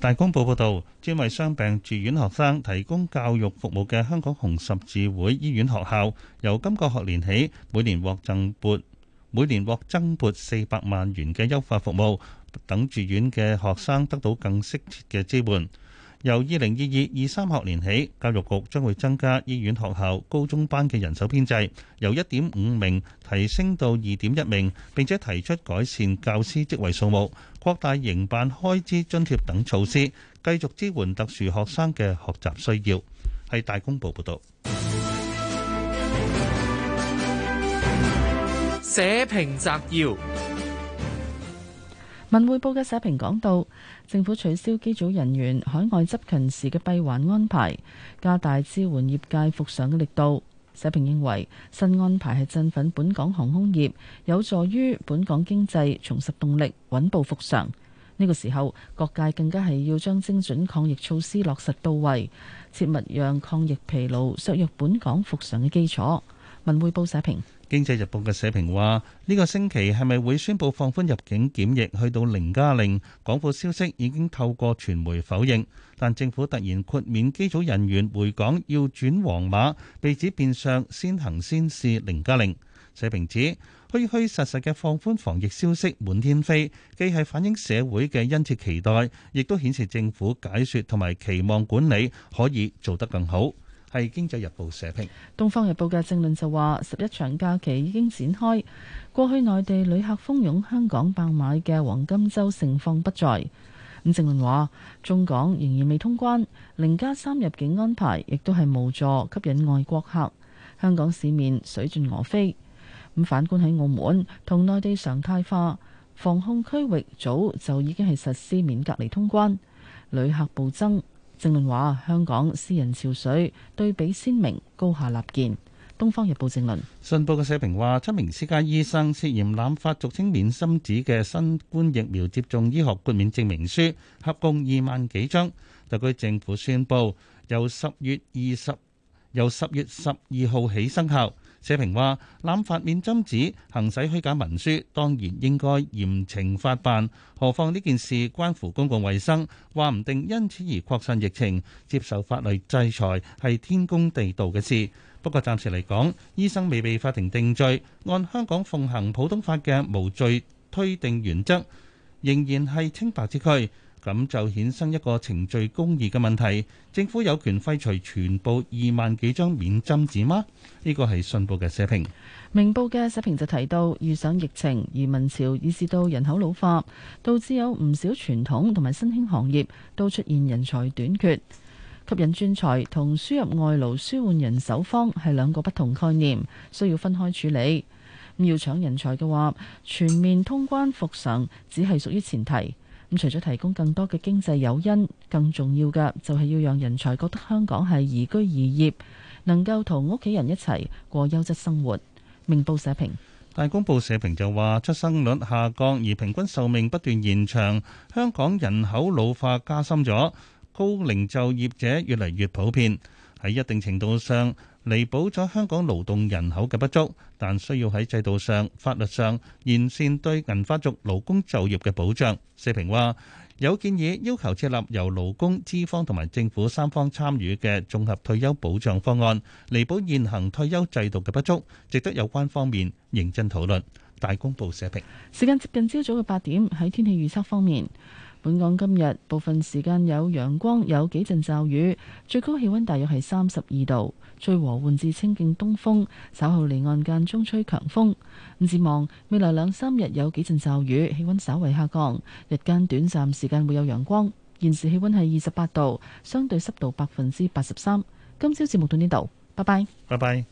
大公報報道，專為傷病住院學生提供教育服務嘅香港紅十字會醫院學校，由今個學年起，每年獲增撥，每年獲增撥四百萬元嘅優化服務，等住院嘅學生得到更適切嘅支援。由二零二二二三學年起，教育局將會增加醫院學校高中班嘅人手編制，由一點五名提升到二點一名，並且提出改善教師職位數目。擴大營辦開支津貼等措施，繼續支援特殊學生嘅學習需要。係大公報報道。社評摘要：文匯報嘅社評講到，政府取消機組人員海外執勤時嘅閉環安排，加大支援業界復上嘅力度。社評認為新安排係振奮本港航空業，有助於本港經濟重拾動力，穩步復常。呢、這個時候，各界更加係要將精準抗疫措施落實到位，切勿讓抗疫疲勞削弱本港復常嘅基礎。文匯報社評。《經濟日報》嘅社評話：呢、這個星期係咪會宣布放寬入境檢疫去到零加零？港府消息已經透過傳媒否認，但政府突然豁免機組人員回港要轉黃碼，被指變相先行先試零加零。社評指虛虛實實嘅放寬防疫消息滿天飛，既係反映社會嘅殷切期待，亦都顯示政府解說同埋期望管理可以做得更好。係《經濟日報》社評，《東方日報》嘅政論就話：十一長假期已經展開，過去內地旅客蜂擁香港爆買嘅黃金週盛況不再。咁政論話，中港仍然未通關，零加三入境安排亦都係無助吸引外國客。香港市面水盡鵝飛。咁反觀喺澳門，同內地常態化，防控區域早就已經係實施免隔離通關，旅客暴增。政論話，香港私人潮水對比鮮明，高下立見。東方日報政論，信報嘅社評話，七名私家醫生涉嫌濫發俗稱免心紙嘅新冠疫苗接種醫學豁免證明書，合共二萬幾張。特區政府宣布，由十月二十，由十月十二號起生效。社評話：濫發免針紙、行使虛假文書，當然應該嚴懲法辦。何況呢件事關乎公共衛生，話唔定因此而擴散疫情，接受法律制裁係天公地道嘅事。不過暫時嚟講，醫生未被法庭定罪，按香港奉行普通法嘅無罪推定原則，仍然係清白之軀。咁就衍生一個程序公義嘅問題，政府有權廢除全部二萬幾張免針紙嗎？呢個係信報嘅社評。明報嘅社評就提到，遇上疫情移民潮已至到人口老化，導致有唔少傳統同埋新興行業都出現人才短缺。吸引專才同輸入外勞舒緩人手荒係兩個不同概念，需要分開處理。要搶人才嘅話，全面通關復常只係屬於前提。咁除咗提供更多嘅經濟誘因，更重要嘅就係要讓人才覺得香港係宜居宜業，能夠同屋企人一齊過優質生活。明報社評，大公報社評就話，出生率下降而平均壽命不斷延長，香港人口老化加深咗，高齡就業者越嚟越普遍，喺一定程度上。彌補咗香港勞動人口嘅不足，但需要喺制度上、法律上完善對銀髮族勞工就業嘅保障。社評話，有建議要求設立由勞工、資方同埋政府三方參與嘅綜合退休保障方案，彌補現行退休制度嘅不足，值得有關方面認真討論。大公報社評。時間接近朝早嘅八點，喺天氣預測方面，本港今日部分時間有陽光，有幾陣驟雨，最高氣溫大約係三十二度，吹和緩至清勁東風。稍後離岸間中吹強風。展望未來兩三日有幾陣驟雨，氣溫稍為下降，日間短暫時間會有陽光。現時氣溫係二十八度，相對濕度百分之八十三。今朝節目到呢度，拜拜，拜拜。